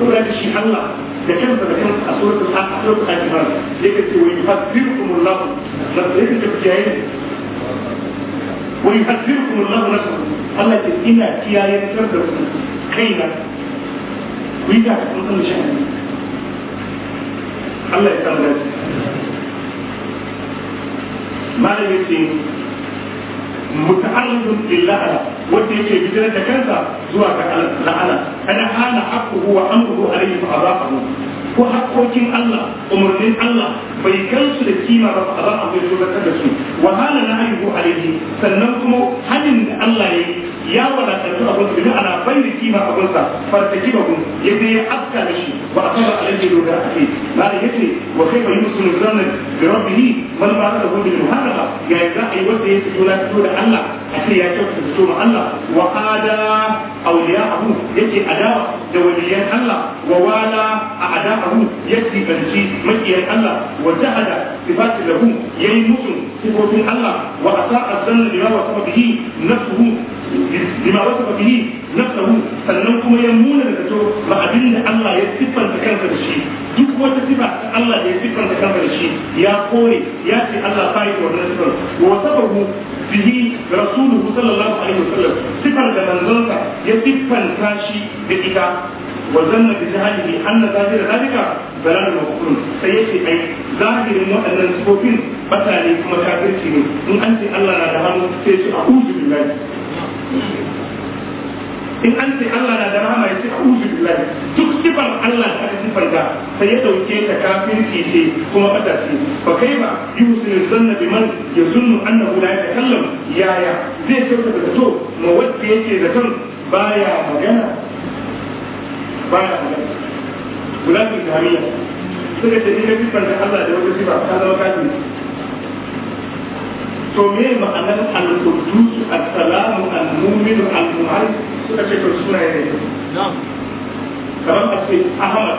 S1: Saboda shi Allah da kansa da kansa a suratul a suratul al-imran yake ce wai Allah da yake ce kiyaye wai Allah lakum Allah ce ina kiyaye da ku kaina ku yi kun san shi Allah ya san da muta'alliqun bil la'ana wanda yake bidar da kansa zuwa ga la'ana kana hana haqqu wa amruhu alayhi fa azafahu ko haƙoƙin Allah umarnin Allah bai gansu da kima ba fa azafahu ya tabbatar da su wa hana sannan kuma haɗin da Allah yayi ya wadatantu a gunsa domin ana bayyana kima a gunsa farta kima gun ya je ya aska da shi ba a kaba alaihi dogara a ce. ba da yace wa kai fa yusuf zanan bi rabbihi man ba da gunsa min hada ya za a yi wanda ya fito na fito da Allah a ce ya kyautu fito ma Allah wa ada awliya'ahu yake adawa da waliyan Allah wa wala a ada'ahu yake banci makiyan Allah wa jahada sifatu lahu yi musu sifofin Allah wa asa'a sanna lima wa sababihi nafsuhu lima wasu ba fi nafsahu sannan kuma ya muna daga to ba da Allah ya siffanta kansa da shi duk wata sifa da Allah ya siffanta kansa da shi ya kore ya Allah ba yi wannan sifar wa sababu fihi rasuluhu sallallahu alaihi wasallam sifar da manzonsa ya siffanta shi da ita wa zanna bi jahilihi anna zahira zalika balan wa kufrun sai yace ai zahirin wannan sifofin batali kuma kafirci ne in an ce Allah na da hannu sai su a billahi Thank in an ce Allah na da rahama ya ce a'udhu billahi duk sifar Allah ta sifar da sai ya dauke ta kafirci ce kuma bata ce fa kaifa yusinu zanna biman yazunnu annahu la yatakallam ya zai kyauta ka to ma wanda yake da kan baya magana baya magana kula da jami'a suka ce ni ka sifar da Allah da wata sifa ta zama kafirci تومين ma'anar al-qudus al-salam al-mumin al-mu'min suka ce to suna ne kamar a ce ahmad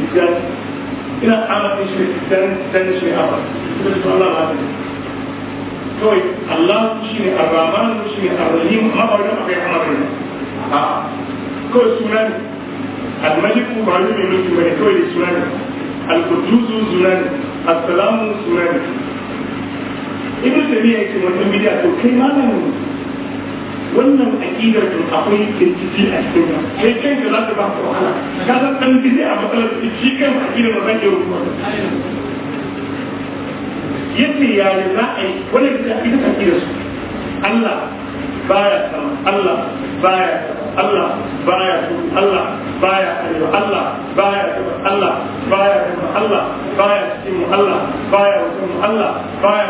S1: idan ina ahmad ne shi dan dan shi ahmad suka ce Allah ba ne kawai Allah shi ne ar-rahman shi ne ar-rahim amma ba wani abai ahmad ne a kawai suna ne al-malik ba wani mai mulki bane kawai suna ne al-qudus suna ne al-salam suna ne ibn tabiya yake wannan bidiya to kai malamin wannan aqidar to akwai kirkici a cikin ta kai kanka za ta ba ka wahala ka san dan a matsalar shi kan aqidar ba za ka yi rubutu yace yaya za a yi wannan bidiya ita aqidar su Allah baya sama Allah baya Allah baya Allah baya arewa Allah baya Allah baya Allah baya cikin Allah baya wajen Allah baya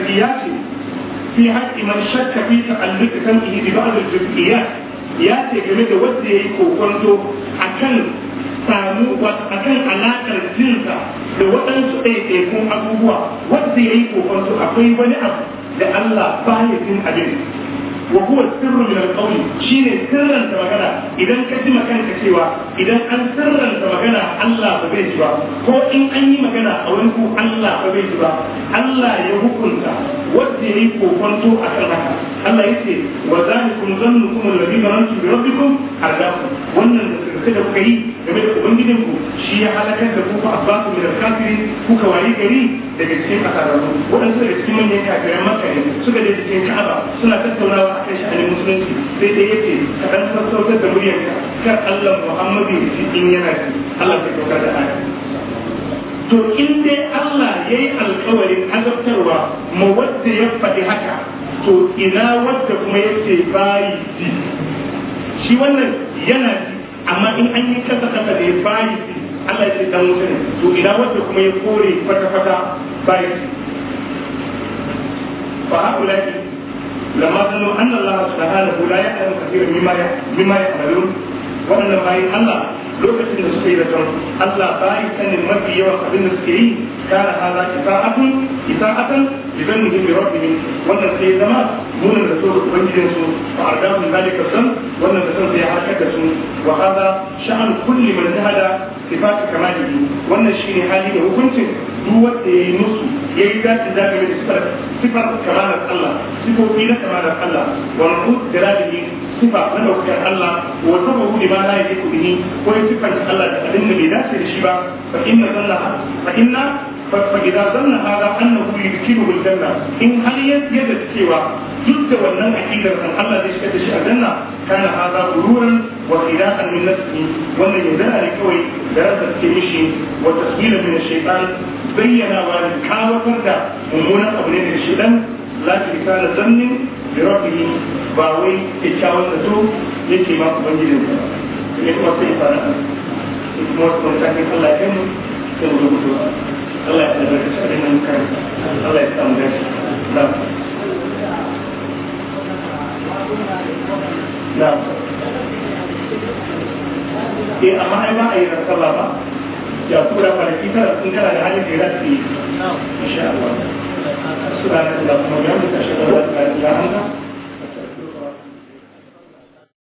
S1: سلبيات في حق من شك في تعلق سمعه ببعض الجزئيات ya ce da wanda ya yi kokonto a kan samu a kan alaƙar jinsa da waɗansu ɗaiɗaikun abubuwa wanda ya yi kokonto akwai wani abu da Allah ba ya jin Guguwar huwa sirru min shine sirran magana idan ka ji makanka cewa idan an sirran ta magana Allah ba zai ji ba ko in an yi magana a wani ku Allah ba zai ji ba Allah ya hukunta wanda yayi kokonto a kan haka Allah yace wa zalikum zannukum alladhi zanantum bi rabbikum ardakum wannan da kuka yi game da ubangijinku ku shi ya halakar da kuka fa asbatu min al kuka wayi gari daga cikin kasararru waɗansu daga cikin manyan kafiran makka ne suka je cikin ka'aba suna tattaunawa akan sha'anin musulunci sai dai yace ka dan sassautar da muryarka kar Allah Muhammadu in yana ci Allah sai dauka da aya to in dai Allah ya yi alkawarin azabtarwa ma wadda ya faɗi haka to ina wadda kuma ya ce bayi ji shi wannan yana ji amma in an yi kasa kasa da ya bayi Allah ya ce dan wuta ne to idan wanda kuma ya kore kwata kwata bayi fa haulaki lamma sanu anna Allah subhanahu la ya'lamu kathiran mimma mimma ya'malun wannan bayin Allah lokacin da suka yi zaton Allah ba yi sanin mafi yawan abin da suke yi kana hala isa'atun isa'atan idan mutum bi rabbihim wannan sai zama munin da ban ubangijin su fa ardamu zalika san wannan da san sai halaka su wa hada sha'an kulli man jahada sifatu kamalihi wannan shine hali da hukuncin duk wanda yayi musu yayi gatin da game da sifar sifar kamalar Allah sifofi na kamalar Allah wa ruhud jalalihi sifa na daukar Allah wa sababu ne ma la yake bihi ko ya sifar Allah da abin da bai dace da shi ba fa inna zallaha fa inna fa idza zanna hada annahu yudkhiluhu aljanna in har yadda da cewa duk da wannan aqidar kan Allah zai shiga da shi a aljanna kana hada gururan wa khida'an min nafsihi wannan ya zana ne kawai da rasa ke mishi wa taswila min shaytan bayyana wa kawo da mummunan abu ne da shaytan la kana zannin birafi ba wai kyakkyawan zato yake ma ubangijin sa ne kuma sai fara ne kuma wasu kuma ke Allah ya mu sai mu rubuta Allah ya albarkaci a nan kan Allah ya samu gashi na na eh amma ai ma ayyukan sallah ba ya tura kwanaki tara in kana da halin da ya rasu insha Allah. Sura da kuma ya mutu a da